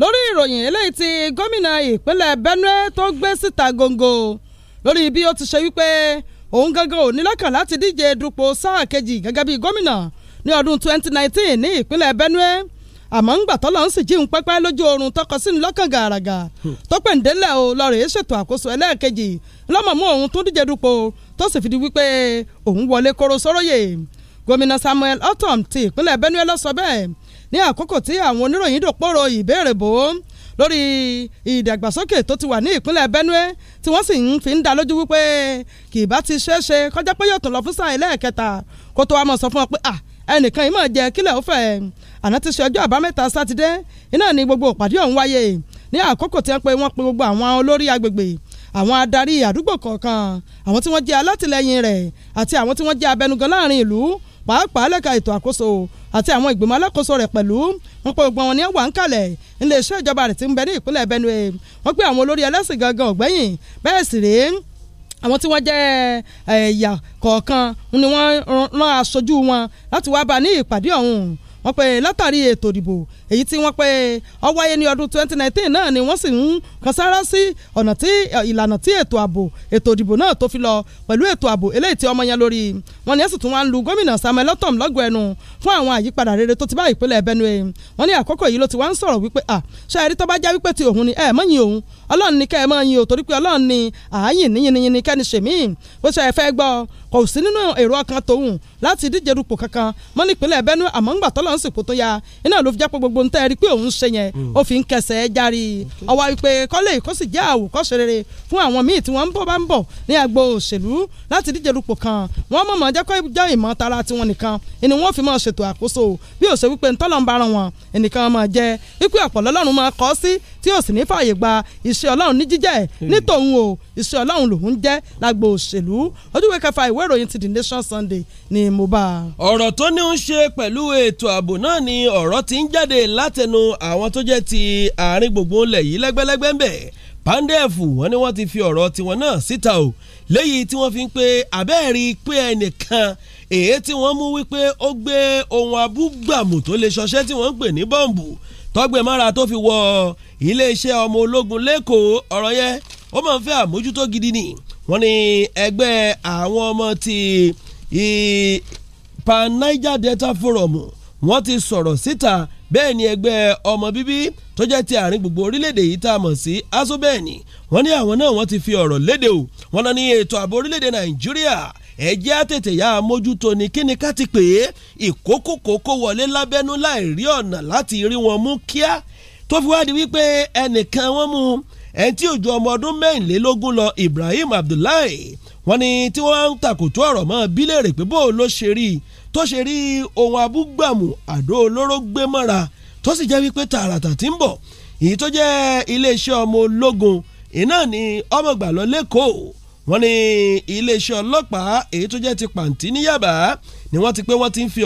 lórí ìròyìn eléyìí tí gómìnà ìpínlẹ̀ Benue tó gbé síta góńgó lórí bí ó ti ṣe wípé òun gangan ò ní lọ́kàn láti díje dupò sáà kejì gẹ́gẹ́ bí gómìnà ní ọdún 2019 ní ìpínlẹ̀ Benue àmọ́ ń gbà tọ́lọ́ ń sì jíun pẹ́pẹ́ lójú oorun tọkọ sínú lọ́kàn gàràgà hmm. tó pè ń délẹ̀ o lọ́ọ̀rẹ́ yìí ṣètò àkóso ẹlẹ́ẹ̀kejì lọ́mọ̀ mú òun tún díje dupò tó sì fi di wípé òun wọlé kóró sóróyè gómìnà Samuel Otom ti ìpínlẹ̀ Benue ló sọ bẹ́ẹ̀ ní àkókò tí àwọn oníròyìn dòpòrò ìbéèrè bò lórí ìdàgbàsókè tó ti wà ní ìpínlẹ̀ Benue tí wọ́n sì ń fi ń dá lójú wípé kì í bá ti ṣeé ṣe kọjá pé yóò tún lọ fún sáà ẹlẹ́ẹ̀kẹta kó tó wá mọ̀ sọ fún wọn pé à ẹnìkan yìí máa jẹ kílẹ̀ ó fẹ́ àná ti ṣe ọjọ́ àbámẹ́ta sátidé iná ni gbogbo ìpàdé ọ̀hún wáyé ní àkókò tí wọ́n pe wọ́n pe gbogbo àwọn olórí agbègbè àwọn adarí àdúgbò kọ̀ọ̀kan àwọn tí wọ́n jẹ́ alátìlẹyìn rẹ̀ àti àwọn tí wọ́n jẹ́ abẹnugan láàrin ìlú pàápàá lẹ́ka ètò àkóso àti àwọn ìgbìmọ̀ alákòóso rẹ̀ pẹ̀lú wọn pé gbogbo wọn ni wà ń kalẹ̀ iléeṣẹ́ ìjọba rẹ̀ ti ń bẹ ní ìpínlẹ̀ Benue wọn pé àwọn olórí ẹlẹ́sìn gangan ọ̀gbẹ́yìn bẹ́ẹ̀ sì rèé àwọn tí wọ́n jẹ́ ẹ̀yà kọ̀ọ̀kan ni wọ́n rán aṣojú wọn láti wá bá ní ìpàdé ọ̀hún wọ́n pé látàrí ètò ìdìbò èyí tí wọ́n pé ó ní ọdún 2019 náà ni wọ́n sì ń kan sára sí ọ̀nà tí ìlànà tí ètò ààbò ètò ìdìbò náà tó fi lọ pẹ̀lú ètò ààbò eléyìí tí ọmọ yẹn lórí wọn ni ẹ̀sìn tí wọ́n ń lu gómìnà Samuel Ortom lọ́gọ̀ ẹnu fún àwọn àyípadà rere tó ti bá ìpínlẹ̀ Benue wọ́n ní àkókò yìí ló ti wá ń sọ̀rọ̀ wípé à ṣe tó bá já wípé ti òun ni ẹ̀ mọ́yìn òun ọlọ́run ní kẹ́ ẹ máa yin o torí pé ọlọ́run ní àáyìn níyìnyín ní kẹ́ni ṣèmí bó ṣe fẹ́ gbọ́ kò sí nínú èrò ọkàn tòun láti díje dupò kankan mọ́ nípínlẹ̀ Benue àmọ́ ńgbà tọ́lọ́ lásìkò tó yá iná ló fi jẹ́ gbogbo ń tẹ́ rí pé òun ṣe yẹn mm. ó fi ń kẹsẹ̀ járí ọwọ́ wípé kọ́lé kó sì jẹ́ àwòkọ́ṣe rere fún àwọn míì tí wọ́n ń bọ̀ bá ń bọ̀ ní agbo òṣèlú láti díje dupò kan wọ́n mọ̀ mọ̀ jẹ́ kó ìmọ̀ tara tiwọn nìkan ni wọ́n fi máa ṣètò àkóso bí òṣè wípé ntọ́lọ́ hmm. ọ̀rọ̀ tó ní ń ṣe pẹ̀lú ètò ààbò ààbò náà ni ọ̀rọ̀ ti ń jáde látẹnu àwọn tó jẹ́ ti àárín gbùngbùn ilẹ̀ yìí lẹ́gbẹ́lẹ́gbẹ́ ń bẹ̀ pandef wọ́n ní wọ́n ti fi ọ̀rọ̀ tiwọn náà síta o léyìí tí wọ́n fi ń pe abẹ́ẹ̀rí pé ẹnìkan èyí tí wọ́n mú wípé ó gbé ohun abúgbàmù tó lè ṣọṣẹ́ tí wọ́n ń pè ní bọ́ǹbù tọ́gbẹ́ mára tó fi wọ iléeṣẹ́ ọmọ ológun lẹ́kọ̀ọ́ ọ̀rọ̀ yẹn ó máa ń fẹ́ àmójútó gidi ni wọ́n ní ẹgbẹ́ àwọn ọmọ ti pan Niger Delta Forum wọ́n ti sọ̀rọ̀ síta bẹ́ẹ̀ ni ẹgbẹ́ ọmọ bíbí tó jẹ́ ti àárín gbogbo orílẹ̀-èdè yìí tá a mọ̀ sí asobẹ́ẹ̀ni wọ́n ní àwọn náà wọ́n ti fi ọ̀rọ̀ léde o wọ́n lọ ní ètò ààbò orílẹ̀-èdè nàìjíríà ẹ jẹ́ àtètè yá àmójútó ni kí ká ti pè é ìkókòkókó wọlé lábẹ́nú láì rí ọ̀nà láti rí wọn mú kíá tó fi wá wípé ẹnìkan wọ́n mú ẹni tí òjò ọmọ ọdún mẹ́rìnlélógún lọ Ibrahim Abdullahi wọ́n ní tí wọ́n ń takòtò ọ̀rọ̀ mọ́ bílẹ̀ rẹ̀ pé bó ló ṣe rí i tó ṣe rí ohun abúgbàmù àdó olóró gbé mọ́ra tó sì jẹ́ wípé tààràtà tí ń bọ̀ èyí tó jẹ́ iléeṣẹ́ ọmọ ológun iná ni ọmọ lẹ́kọ̀ọ́ wọ́n ní iléeṣẹ́ ọlọ́pàá èyí tó jẹ́ ti pàǹtí ní Yaba ni wọ́n ti pé wọ́n ti ń fi